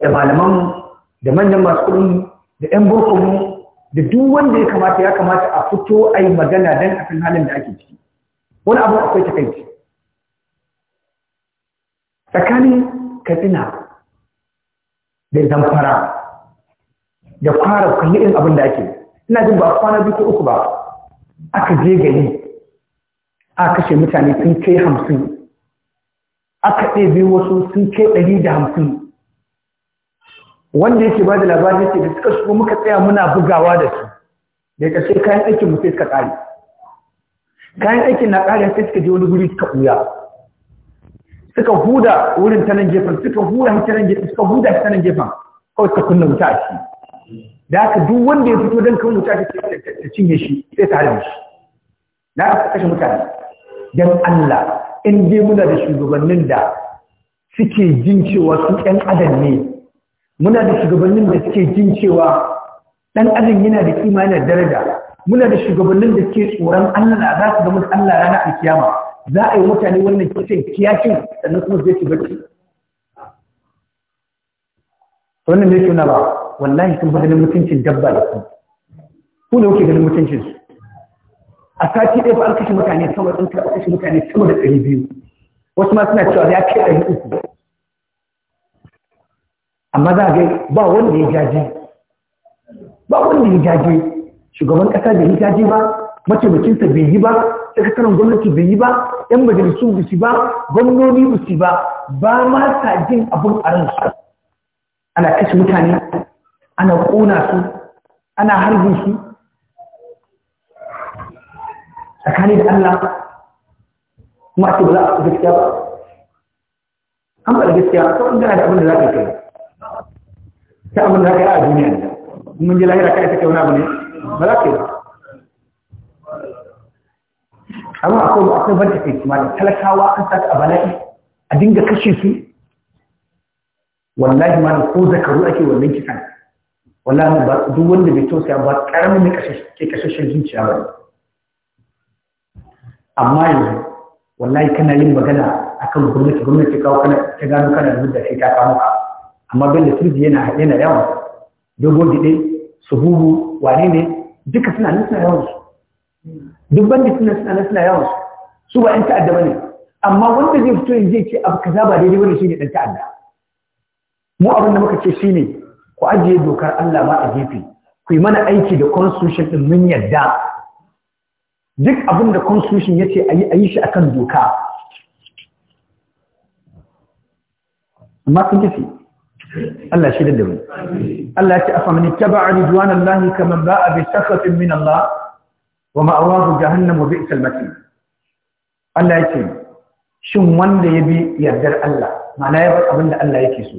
da malamanmu da manyan masu kuɗin da 'yan burkunmu da duk wanda ya kamata ya kamata a fito a yi magana don a san halin da ake ciki wani abu akwai takaici tsakanin katsina da zamfara da fara kalli irin abin da ake ina jin ba kwana biyu ko uku ba aka je gani. a kashe mutane sun kai hamsin aka ɗebe wasu sun kai ɗari da hamsin wanda yake ba da labarin yake da suka shigo muka tsaya muna bugawa da su da ƙarshe kayan aikin mu sai suka ƙare kayan aikin na ƙare sai suka je wani guri suka ɓuya suka huda wurin ta nan gefen suka huda ta nan gefen suka huda ta nan gefen kawai suka kunna wuta a ciki da haka duk wanda ya fito don kawai wuta ta cinye shi sai ta harbe shi na ka kashe mutane don Allah in dai muna da shugabannin da suke jin cewa su ɗan adam ne muna da shugabannin da suke jin cewa ɗan adam yana da kima yana daraja muna da shugabannin da suke tsoron Allah za su ga zama Allah ranar alkiyama za a yi mutane wannan kishin kiyashin sannan kuma zai ci bacci wannan ne suna ba wallahi sun bada ganin mutuncin dabba da su ku ne kuke ganin mutuncin su a sati ɗaya ba an kashe mutane sama da an kashe mutane sama da ɗari biyu wasu ma suna cewa ya kai ɗari uku amma za a ga ba wanda ya jaje ba wanda ya jaje shugaban ƙasa da ya jaje ba mataimakinsa bai yi ba sakataren gwamnati bai yi ba yan majalisun ba su ba gwamnoni ba su ba ba ma sa jin abin a ransu ana kashe mutane ana ƙona su ana harbin su tsakani da Allah kuma ake ba za a gaskiya ba an ba da gaskiya kawai gana da abin da za ka kai ta abin da za ka yi a duniya mun ji lahira kai ta kai wani abu ne ba za ka yi ba amma akwai akwai banta take kuma da talakawa an saka a bala'i a dinga kashe su wallahi ma ko zakaru ake wannan kisan wallahi ba duk wanda bai ya ba karamin ne ke kashashen zuciya ba amma yanzu wallahi kana yin magana akan gwamnati gwamnati kawo kana ta gano kana da mudda sai ta kamo ka amma da turji yana yana yawan dogon su sububu wane ne duka suna nan yawan su duk bandit suna suna suna yawan su su ba 'yan ta'adda ba ne amma wanda zai fito yanzu ce abu kaza ba daidai bane shine dan ta'adda mu abin da muka ce shine ku ajiye dokar Allah ma a gefe ku yi mana aiki da constitution din mun yadda duk abin da constitution yace ayi ayi shi akan doka amma kun ji Allah shi da mu Allah ya ce afa man ittaba'a ridwanallahi kaman ba'a bi sakhatin min Allah wa ma'awahu jahannam wa bi'sal masir Allah yake shin wanda ya bi yardar Allah ma'ana ya bar abinda da Allah yake so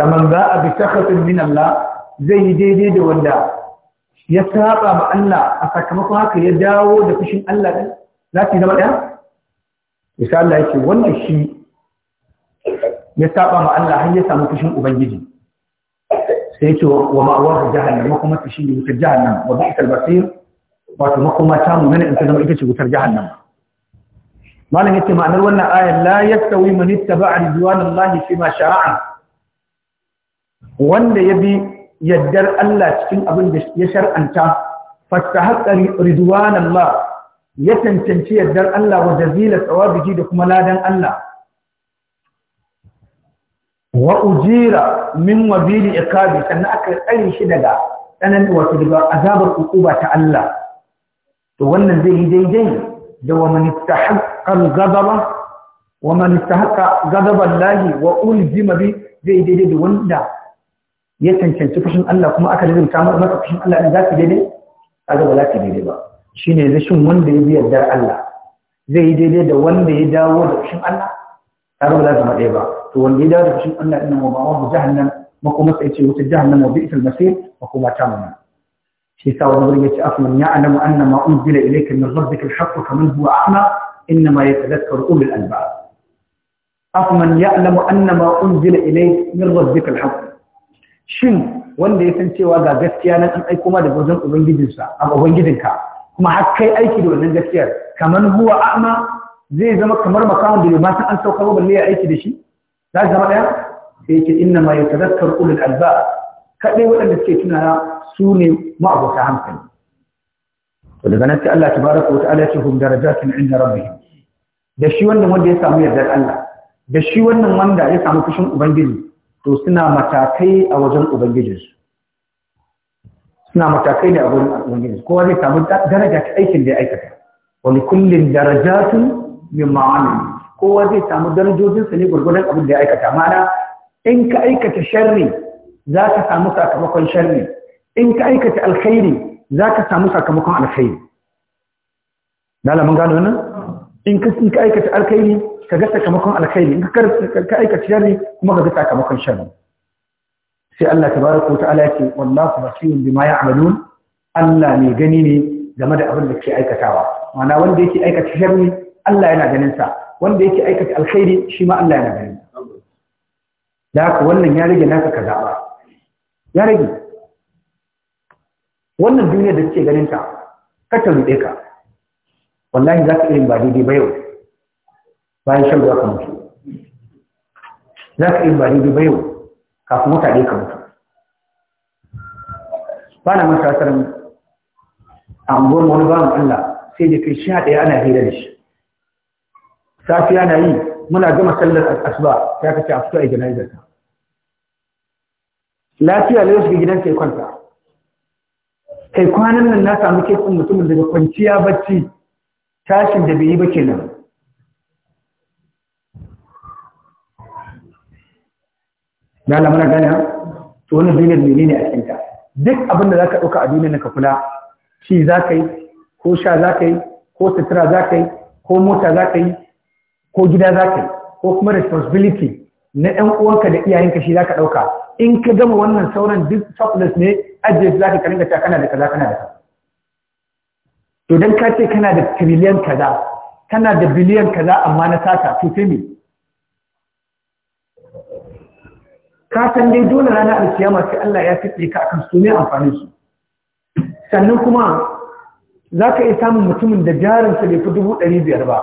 kaman za a bi takhatin min zai yi daidai da wanda ya saba ma Allah a sakamakon haka ya dawo da fushin Allah din za ki zama daya misali Allah yake wannan shi ya ma Allah har ya samu fushin ubangiji sai yake wa ma'awahu wato makoma ta mu nan in zama ita ce wutar jahannama malam yace ma'anar wannan ayar la yastawi man ittaba'a ridwanallahi fi ma shara'a wanda ya bi yaddar Allah cikin abin da ya shar'anta fastahaqqa Allah ya tantance yaddar Allah wa jazila tsawabihi da kuma ladan Allah wa ujira min wabili iqabi sannan aka tsare shi daga tsananin wato daga azabar hukuma ta Allah to wannan zai yi daidai da wa man istahaqqa al-ghadaba wa man istahaqqa ghadaba Allah wa ulzima bi zai daidai da wanda ya cancanci fushin Allah kuma aka rubuta masa fushin Allah din zaka daidai kaga ba zaka daidai ba shine rashin wanda ya bi yardar Allah zai yi daidai da wanda ya dawo da fushin Allah kaga ba zaka daidai ba to wanda ya dawo da fushin Allah din wa ba'ahu jahannam makoma sai ce wuta jahannam wa bi'sal masir makoma ta mana shi sa wani wurin yace afman ya'lamu anna ma unzila ilayka min rabbika al-haqq kaman huwa a'ma inma yatadhakkaru ulul albab afman ya'lamu anna ma unzila ilayka min rabbika al-haqq shin wanda ya san cewa ga gaskiya na an aiko ma da gurbin ubangijinsa a ubangijinka kuma har kai aiki da wannan gaskiyar Kamar huwa a'ma zai zama kamar makamun da ba san an saukar balle ya aiki da shi za zama daya sai yake inna ma yatadhakkaru ulul albab Kaɗai waɗanda suke tunana su ne ma'abuta hankali to daga nan sai Allah tabaraka baraka, wata ya ce hum darajatun inda rabbihim da shi wannan wanda ya samu yardar Allah da shi wannan wanda ya samu fushin ubangiji to suna matakai a wajen ubangijinsu suna matakai ne a wurin Ubangijinsu. kowa zai samu daraja ta aikin da ya aikata wani kullum darajatun min ma'amili kowa zai samu darajojinsa ne gwargwadon abin da ya aikata mana in ka aikata sharri za ka samu sakamakon sharri in ka aikata alkhairi za ka samu sakamakon alkhairi dala mun gano wannan in ka aikata alkhairi ka ga sakamakon alkhairi in ka aikata sharri kuma ka ga sakamakon sharri sai Allah tabaraka wa ta'ala yake wallahu basirun bima ya'malun Allah ne gani ne game da abin da ke aikatawa ma'ana wanda yake aikata sharri Allah yana ganin sa wanda yake aikata alkhairi shi ma Allah yana ganin da haka wannan ya rage naka ka zaba ya rage wannan duniya da suke ganin ta ka ta ka wallahi za ka irin ba daidai ba yau bayan shan ruwa ka mutu za ka irin ba daidai ba yau kafin wata ɗaya ka mutu ba na masa sarin anguwar wani bawan Allah sai da kai shi haɗe ana hira da shi safiya na yi muna gama sallar asuba ta kace a fito a jana'izar ta lafiya lai wasu gidan sai kwanta kai kwanan nan na samu kesin mutumin daga kwanciya bacci tashin da bai yi ba kenan ya lamar gani to wani duniyar mene ne a cikinta duk abin da za ka ɗauka a duniyar ka kula ci za ka yi ko sha za ka yi ko sutura za ka yi ko mota za ka yi ko gida za ka yi ko kuma responsibility na ɗan uwanka da iyayenka shi za ka ɗauka in ka gama wannan sauran duk surplus ne ajiye su zaka karinga ta kana da kaza kana da kaza to dan ka ce kana da trillion kaza kana da biliyan kaza amma na sata to sai me ka san dai dole rana alkiyama sai Allah ya fitse ka akan su ne amfanin su sannan kuma za ka iya samun mutumin da jarinsa bai fi dubu ɗari biyar ba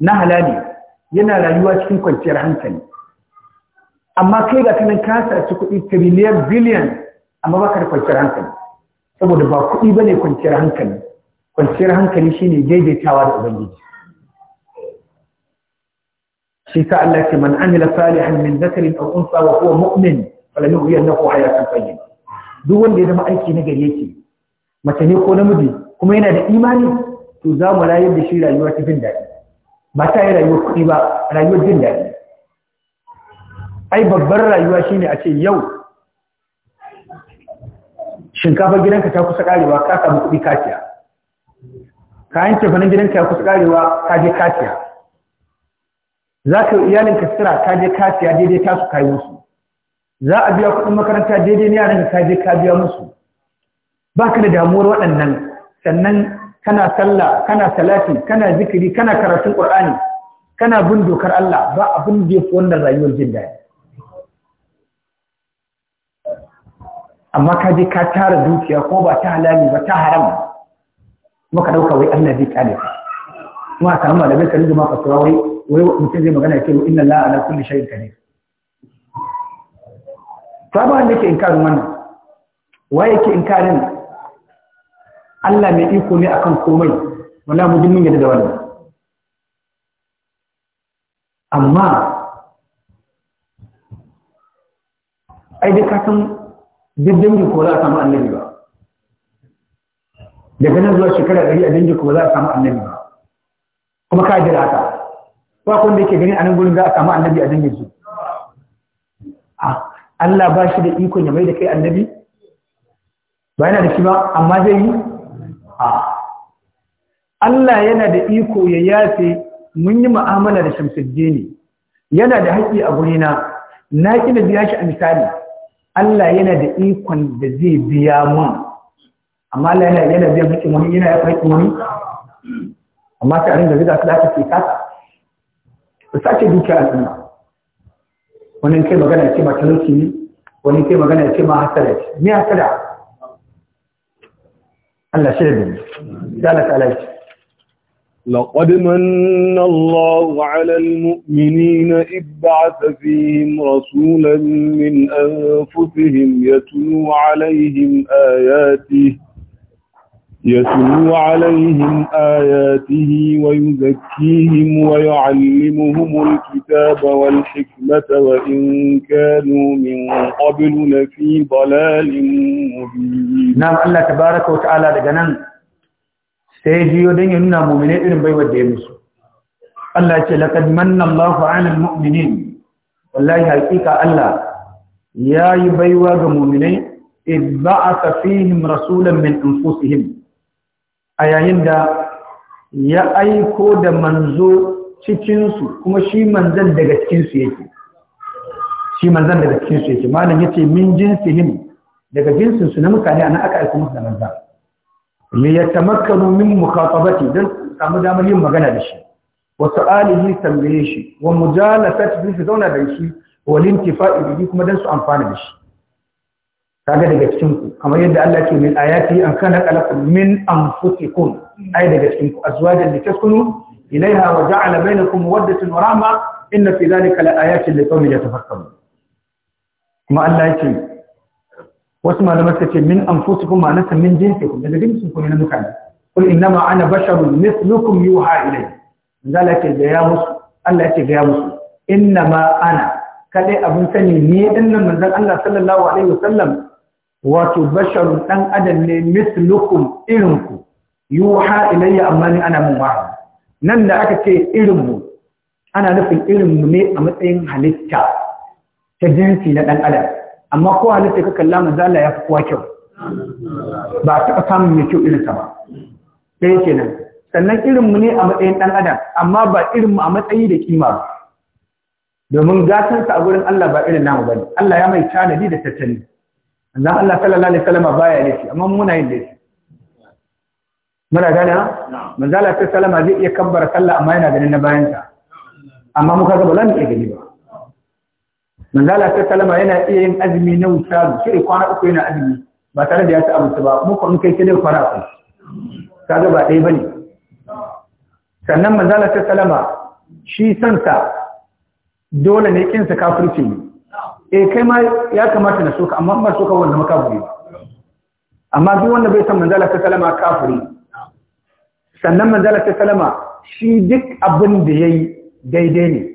na halali yana rayuwa cikin kwanciyar hankali amma kai ga kanan ka saci kuɗi tiriliyan biliyan amma ba ka da kwanciyar hankali saboda ba kuɗi ba ne kwanciyar hankali kwanciyar hankali shi ne daidaitawa da ubangiji shi ta Allah ce man amila salihan min zakarin aw unsa wa huwa mu'min falan yuhyiyannahu hayatan tayyiba duk wanda ya zama aiki na gari yake mace ne ko namiji kuma yana da imani to za mu rayar da shi rayuwa ta jin daɗi ba ta yi rayuwar kuɗi ba rayuwar jin daɗi ai babbar rayuwa shine a ce yau shinkafar gidanka ta kusa karewa ka samu kuɗi kaciya kayan cefanen gidanka ya kusa karewa ka je kaciya za ka yi iyalinka sira ka je kaciya daidai ta su kayi musu za a biya kuɗin makaranta daidai ne yaran ka je ka biya musu ba ka da damuwar waɗannan sannan kana sallah kana salati kana zikiri kana karatun qur'ani kana bin dokar Allah ba abin da fi wannan rayuwar jin daɗi amma ka je ka tara dukiya ko ba ta halali ba ta haram kuma ka dauka wai Allah zai kare ka kuma ka amma da bai karin ma fasuwa wai wai mutum zai magana ya ce inna la ala kulli shay'in qadir ba da ke inkarin wannan waye ke inkarin Allah mai iko ne akan komai wala mu dinnin yadda da wannan amma ai dai ka san duk dangin ko za a samu annabi ba daga nan zuwa shekara gari a dangin ko za a samu annabi ba kuma ka jira ka ba kun da yake gani a nan gurin za a samu annabi a dangin su Allah ba shi da ikon ya mai da kai annabi ba yana da shi ba amma zai yi a Allah yana da iko ya yafe mun yi mu'amala da shamsuddini yana da haƙƙi a gurina na kina biya shi a misali Allah yana da ikon da zai biya mun amma Allah yana yana biyan hakkin wani yana ya hakkin wani amma sai a ringa zai su da aka ke kasa ku sace dukiya al'umma wani kai magana ce ma talauci ne wani kai magana ce ma hasara ce me hasara Allah shi da ni da Allah ta alaji لقد من الله على المؤمنين إذ بعث فيهم رسولا من أنفسهم يتلو عليهم آياته يتلو عليهم آياته ويزكيهم ويعلمهم الكتاب والحكمة وإن كانوا من قبل لفي ضلال مبين نعم الله تبارك وتعالى لجنان sai ya jiyo don ya nuna mummune irin baiwar da ya musu Allah ce laqad manna Allahu 'alal mu'minin wallahi haƙiƙa Allah ya yi baiwa ga mu'minai idh ba'atha safihim rasulun min A yayin da ya aiko da manzo cikinsu kuma shi manzan daga cikinsu yake shi manzan daga cikinsu yake malam yace min jinsihim daga jinsinsu na mutane ana aka aiko musu da manzan ya yatamakkanu min mukatabati dan samu damar yin magana da shi Wasu su'alihi tambaye shi wa mujalasati bi su zauna da shi wa lintifa'i bihi kuma don su amfana da shi kaga daga cikinku kamar yadda Allah ke min ayati an kana qalakum min anfusikum ai daga da ku azwajan litaskunu ilaiha wa ja'ala bainakum mawaddatan wa rahma inna fi dhalika la ayatin liqaumin yatafakkarun kuma Allah yake wasu malamai suka ce min kuma na ma'anata min kuma daga jinsin ku ne na mutane kul innama ana basharun mithlukum yuha ilayya zalla ce ga ya musu Allah ya ce ga ya musu innama ana kadai abin sani ni dinnan manzon Allah sallallahu alaihi wasallam wato basharun dan adam ne mithlukum irinku yuha ilayya amma ni ana mun wahayi nan da aka ce irinmu ana nufin irinmu ne a matsayin halitta ta jinsi na dan adam amma ko halitta ka kalla mazala ya fi kowa kyau ba a taɓa samun mai kyau irinsa ba ɗaya kenan sannan irinmu ne a matsayin ɗan adam amma ba irinmu a matsayi da kima ba domin gasarsa a gurin Allah ba irin namu bane Allah ya mai tanadi da tattali annan Allah sallallahu alaihi wasallam baya shi amma muna yin laifi muna gane ha Allah ta sallama zai iya kabbara sallah amma yana ganin na bayan amma muka ga ba za mu gani ba manzala ta salama yana iya yin azumi na wuta shi kwana uku yana azumi ba tare da ya ci abinci ba mu kuma kai sai kwana uku kaga ba ɗaya bane sannan manzala ta salama shi sansa dole ne sa kafirci ne eh kai ma ya kamata na soka amma ba soka wanda maka ba amma duk wanda bai san manzala ta salama kafiri sannan manzala ta salama shi duk abin da yayi daidai ne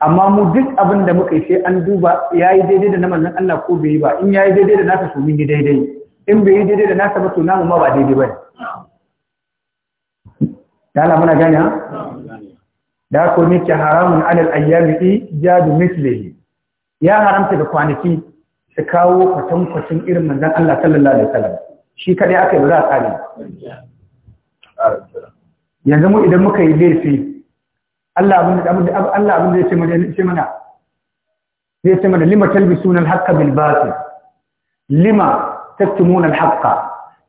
amma mu duk abin da muka yi sai an duba ya yi daidai da na manzon Allah ko bai yi ba in ya yi daidai da nasa sumin yi daidai in bai yi daidai da nasa ba to namu ma ba daidai ba ne da Allah muna gani ha da ko ne ke haramun alal ayyami du mislihi ya haramta da kwanaki su kawo kwatankwacin irin manzon Allah sallallahu alaihi wasallam shi kadai aka yi ba za a kare yanzu mu idan muka yi laifi Allah abin da Allah abin da ya ce mana ya ce mana ya ce mana lima talbisuna al-haqqa bil batil lima taktumuna al-haqqa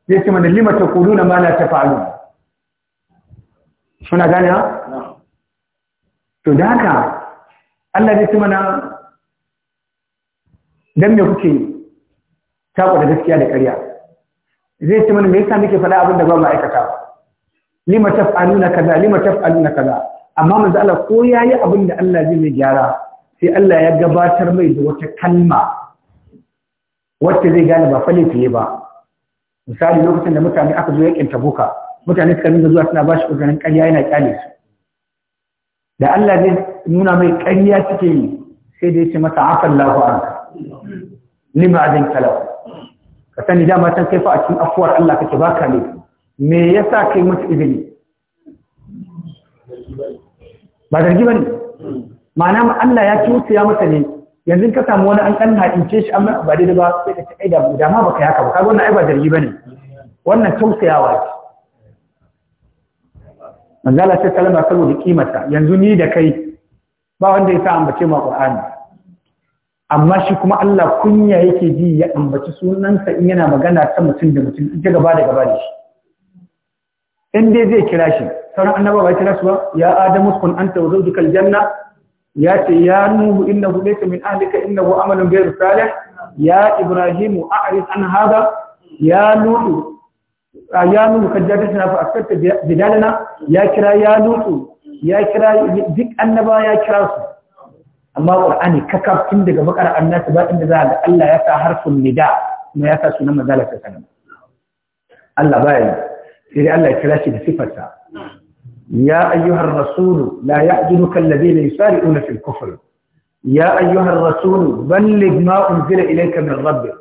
ya ce mana lima na mana ta taf'alun suna gane ha to da haka Allah ya ce mana dan me kuke tako gaskiya da ƙarya zai ce mana me yasa muke faɗa abin da ba lima aikata lima taf'aluna kaza lima taf'aluna kaza amma manzo Allah ko yayi abin da Allah zai mai gyara sai Allah ya gabatar mai da wata kalma wacce zai gane ba fale fiye ba misali lokacin da mutane aka zo yakin tabuka mutane suka rinka zuwa suna ba shi uzurin ƙarya yana kyale su da Allah zai nuna mai ƙarya suke yi sai da ya ce masa afan lahu an lima azin kalau ka sani dama can kai fa a cikin afuwar Allah kake baka ne me yasa kai musu izini ba zargi bane ma'ana Allah ya ya masa ne yanzu ka samu wani an kanna ince shi amma ba daidai ba sai ka ce ai da dama baka haka ba kaga wannan ai ba zargi bane wannan tausayawa ce manzala sai kalma saboda kimarta yanzu ni da kai ba wanda ya sa ambace ma Qur'ani amma shi kuma Allah kunya yake ji ya ambaci sunansa in yana magana ta mutum da mutum in ta gaba da gaba da shi in dai zai kira shi sauran annaba ba kira su ba ya adamu kun anta wa zawjukal janna ya ce ya nuhu innahu laysa min ahlika innahu amalun ghayr salih ya ibrahimu a'rid an hada ya lutu ah, ya nuhu kajjatana fa askatta bidalana ya kira ya lutu ya kira duk annaba ya kira su amma qur'ani kakaf tun daga bakar annabi ba inda za ga Allah ya sa harfin nida kuma ya sa sunan manzala ta sanan Allah baya sai Allah ya kira shi da sifarsa يا أيها الرسول لا يحزنك الذين يسارعون في الكفر يا أيها الرسول بلغ ما أنزل إليك من ربك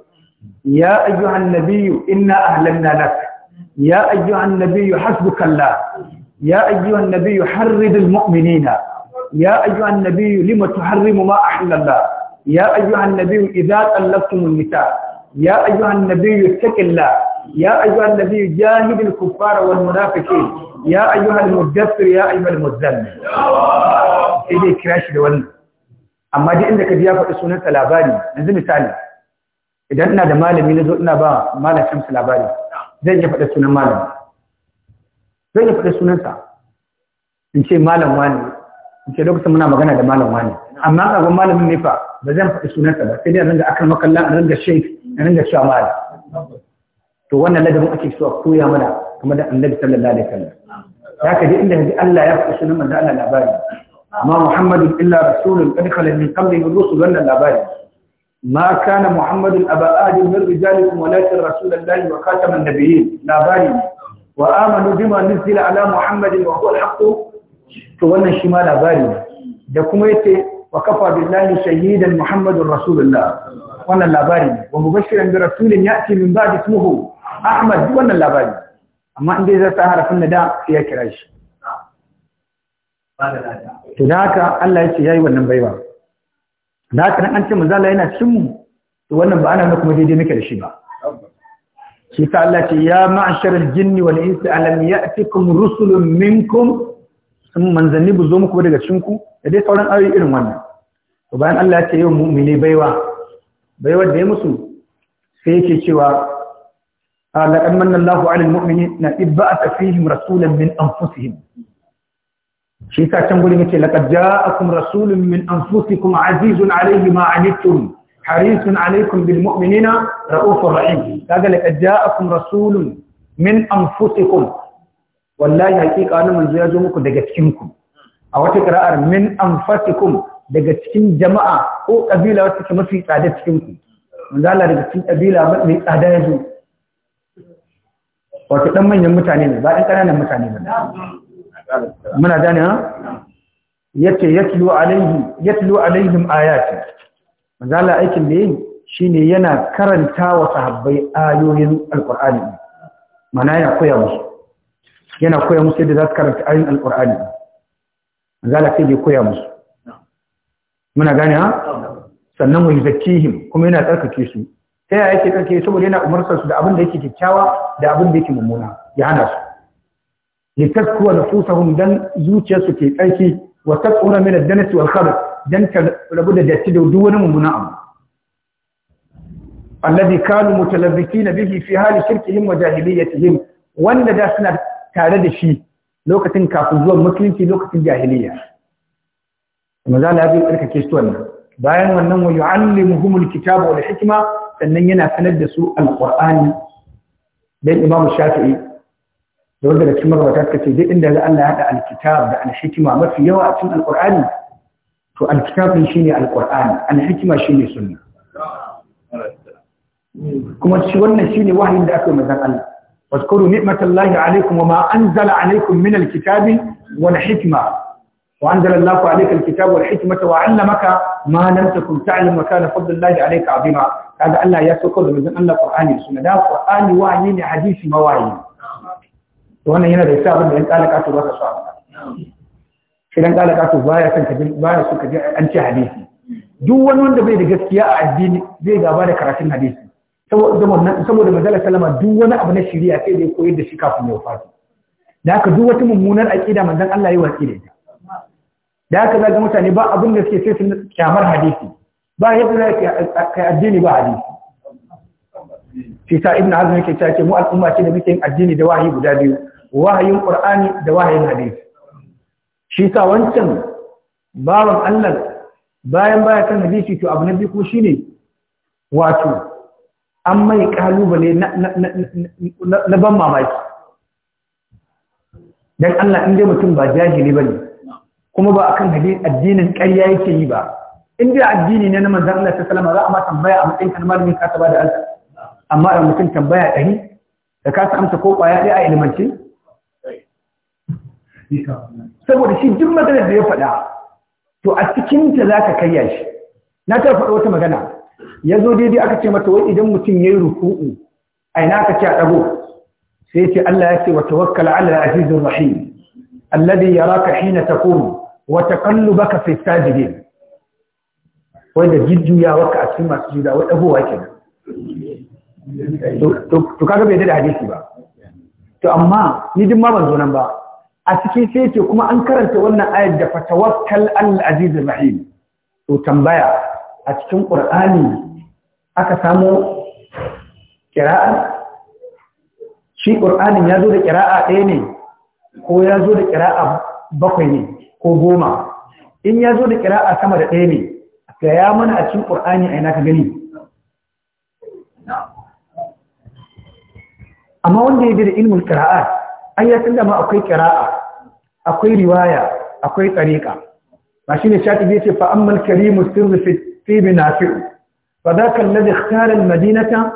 يا أيها النبي إنا أهلنا لك يا أيها النبي حسبك الله يا أيها النبي حرد المؤمنين يا أيها النبي لم تحرم ما أحل الله يا أيها النبي إذا طلقتم النساء يا أيها النبي اتق الله يا أيها النبي جاهد الكفار والمنافقين يا أيها المدثر يا أيها المزمل sai dai kira da wannan amma duk inda ka ji ya faɗi sunansa labari yanzu misali idan ina da malami na zo ina ba malam shamsu labari zan iya faɗa sunan malami zan iya faɗa sunansa in ce malam wani in ce lokacin muna magana da malam wani amma a gaban malamin ne fa ba zan faɗi sunansa ba sai dai a a akan makallan a ringa sheik a ringa cewa malam to wannan ladabin ake so a koya mana kuma da annabi sallallahu alaihi wasallam ka ji inda ji Allah ya faɗi sunan manzo Allah labari amma Muhammadu illa rasulun qad khala min qablihi rusul wannan labari ma kana Muhammadu aba ahadin min rijalikum walakin rasulullahi wa khataman nabiyyin labari wa amanu bima nuzila ala Muhammadin wa huwa al to wannan shi ma labari da kuma yace wa kafa billahi shahidan Muhammadur rasulullah wannan labari wa mubashiran bi rasulin ya'ti min ba'di ismihi Ahmad duk wannan labari amma in zai sa harafin nada sai ya kira shi to da haka Allah ya ce yayi wannan baiwa da haka nan an ce manzo Allah yana cikin mu to wannan ba ana kuma daidai muke da shi ba shi ta Allah ce ya ma'ashar al-jinni wal insi alam ya'tikum rusulun minkum sun manzanni bu zo muku daga cikin ku da dai sauran ayoyi irin wannan to bayan Allah ya ce yau mu'mini baiwa baiwa da ya musu sai yake cewa لقد من الله على المؤمنين إذ بعث فيهم رسولا من أنفسهم shi yasa can gurin yace laqad ja'akum rasulun min anfusikum azizun alayhi ma anittum harisun alaykum bil mu'minina raufur rahim kaga laqad ja'akum rasulun min anfusikum wallahi hakika wani manzo ya zo muku daga cikin ku a wata qira'ar min anfusikum daga cikin jama'a ko kabila mafi tsada cikin ku manzo Allah cikin tsada ya wato dan manyan mutane ne ba dan kananan mutane ba muna gane ha yace yatlu alaihi yatlu alaihim ayati manzo Allah aikin da shi shine yana karanta wa sahabbai ayoyin alqur'ani mana yana koya musu yana koya musu yadda za su karanta ayoyin alqur'ani manzo Allah sai ya koya musu muna gane ha sannan wa yuzakkihim kuma yana tsarkake su ta yaya yake kanka saboda yana umarsa su da abin da yake kyakkyawa da abin da yake mummuna ya hana su litaskuwa nufusahum dan zuciyarsu ke tsarki wa tasqura min ad-danati wal khabath dan ta rabu da datti da duk wani mummuna abu alladhi kanu mutalabbitin bihi fi hali shirkihim wa jahiliyyatihim wanda da suna tare da shi lokacin kafin zuwan musulunci lokacin jahiliya manzo Allah ya bi tsarkake su wannan bayan wannan wa yu'allimuhumul kitaba wal hikma sannan yana sanar da su alqur'ani dan imamu shafi'i da wanda da cikin rawata suka ce duk inda Allah ya hada alkitab da alhikma mafi yawa a cikin alqur'ani to alkitab din shine alqur'ani alhikma shine sunna kuma shi wannan shine wahayin da aka yi manzon Allah واذكروا نعمة الله عليكم وما أنزل عليكم من الكتاب وأنزل الله عليك الكتاب والحكمة وعلمك ما لم تكن تعلم وكان فضل الله عليك عظيما هذا ألا يسوكر من أن القرآن والسنة لا قرآن وعين حديث مواعين وأنا هنا ليس أبدا أن قال لك أتوا بك صعبا إذا قال لك أتوا بايا سنك بايا سنك أنت حديثي duk wani wanda bai da gaskiya a addini zai gaba da karatun hadisi saboda manzala salama duk wani abu na shari'a sai da ya koyar da shi kafin ya fasu da haka duk wata mummunar aqida manzon Allah ya watsi da ita da haka zaga mutane ba abin da suke sai sun kyamar hadisi ba yadda za ka addini ba hadisi shi sa ibn azmi yake cewa mu al'umma ce da muke yin addini da wahayi guda biyu wahayin qur'ani da wahayin hadisi shi sa wancan bawan Allah bayan baya kan hadisi to abu na biyu kuma shine wato an mai kalubale na ban mamaki dan Allah in dai mutum ba jahili bane kuma ba akan addinin ƙarya yake yi ba in da addini ne na manzon Allah ta salama za a ma tambaya a matsayin kan malamin ka ba da Allah amma da mutum tambaya ɗari da ka amsa ko ƙwaya ɗaya a ilimance saboda shi duk maganar da ya faɗa to a cikin ta za ka karya shi na ta faɗa wata magana ya zo daidai aka ce mata wai idan mutum ya yi ruku'u a ina aka ce a ɗago sai ce Allah ya ce wa Allah ya azizur rahim alladhi yaraka hina taqumu Wata wa taqallubaka fi sajidin wai da ya waka a cikin masu juda abuwa ke kenan to kaga bai da hadisi ba to amma ni din ma ban zo nan ba a cikin sai ce kuma an karanta wannan ayar da fatawakkal al-aziz rahim to tambaya a cikin qur'ani aka samu qira'a shi qur'anin ya zo da qira'a ɗaya ne ko ya zo da qira'a bakwai ne ko goma in ya zo da kira'a sama da ɗaya ne ga ya mana a cikin ƙur'ani a yana ka gani amma wanda ya da ilmin kira'a an ya sun dama akwai kira'a akwai riwaya akwai tsariƙa ba shi ne shafi bai ce malkari karimu sirri fi bi nafi'u Ba za ka lade tsarin madinata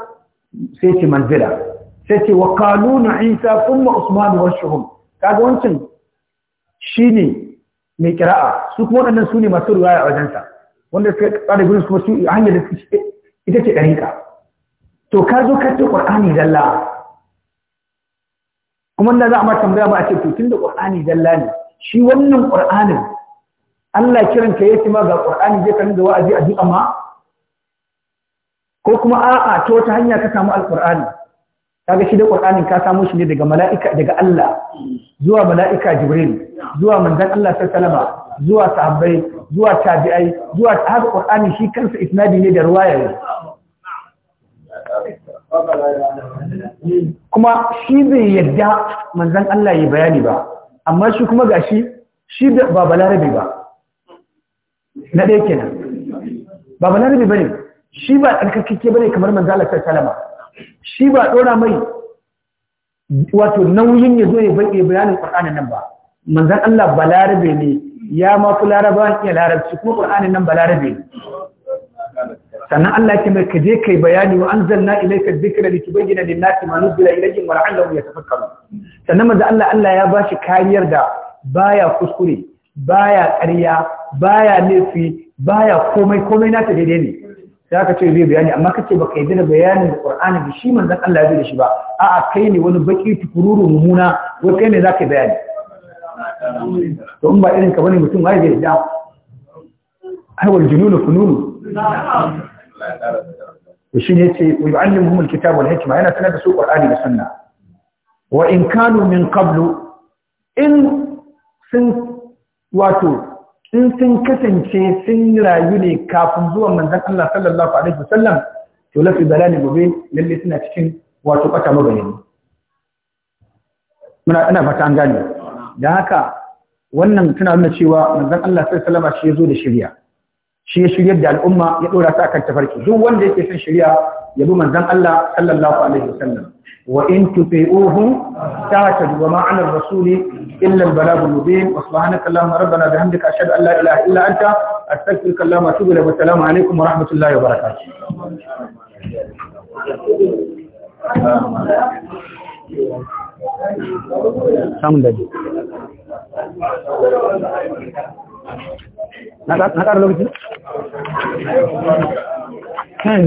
sai ce manzila sai ce wa na isa kuma usman wa shuhum kaga wancan shine mai kira'a su kuma waɗannan su ne masu ruwaya a wajensa wanda suka tsada gudun kuma su hanyar da ita ce ɗarika to ka zo ka ce ƙwar'ani zalla kuma da za a mata tambaya ba a ce to tun da ƙwar'ani zalla ne shi wannan ƙwar'anin Allah kiran ka yake ma ga ƙwar'ani zai kan da wa'azi a du'a amma ko kuma a'a ta wata hanya ka samu alƙur'ani kaga shi da Qur'anin ka samu shi ne daga mala'ika daga Allah zuwa mala'ika Jibril zuwa manzon Allah sallallahu zuwa sahabbai zuwa tabi'ai zuwa haka Qur'ani shi kansa isnadi ne da riwaya kuma shi bai yadda manzon Allah ya bayani ba amma shi kuma gashi shi ba balarabe ba na ɗaya kenan ba balarabe bane shi ba tsarkakeke bane kamar manzon Allah sallallahu shi ba ɗora mai wato nauyin ya zo ya baƙe bayanin ƙur'anin nan ba manzan Allah balarabe ne ya ma fi laraba ya larabci kuma ƙur'anin nan larabe ne sannan Allah ke mai kaje kai bayani wa anzalna ilayka dhikra litubayyana lin-nasi ma nuzila ilayhim wa la'allahum yatafakkarun sannan manzo Allah Allah ya shi kariyar da baya kuskure baya ƙarya baya laifi baya komai komai nata daidai ne sai aka ce zai bayani amma kace baka yi da bayanin da Qur'ani da shi manzon Allah ya bi da shi ba a'a kai ne wani baki tukururu mumuna. wai kai ne zaka bayani to in ba irin ka bane mutum wai zai da ai wal jununu fununu to shi ne ce wa yu'allimuhum alkitaba wal hikma yana sanar da su Qur'ani da sunna wa in kanu min qablu in sun wato in sun kasance sun rayu ne kafin zuwan manzan Allah sallallahu alaihi wasallam to lafi ne gobe lalle suna cikin wato bata mabayani muna ana fata an gane da haka wannan tana nuna cewa manzan Allah sallallahu alaihi wasallam shi ya zo da shirya shi ya shiryar da al'umma ya dora ta kan tafarki duk wanda yake son shirya yabi manzon Allah sallallahu alaihi wasallam wa in tuti'uhu ta'tadu wa ma 'ala ar-rasuli illa al-balagh al-mubin wa subhanaka allahumma rabbana bihamdika ashhadu an la ilaha illa anta astaghfiruka wa atubu ilayk wa assalamu alaikum wa rahmatullahi wa barakatuh Samun daji. Na ƙara lokaci? a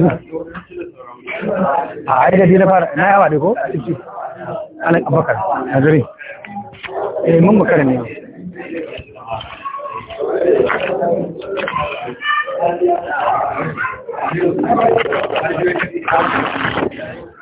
aida ah, na fara na yawa da ko anan abakar a zuri eh, mun makara ne Thank you.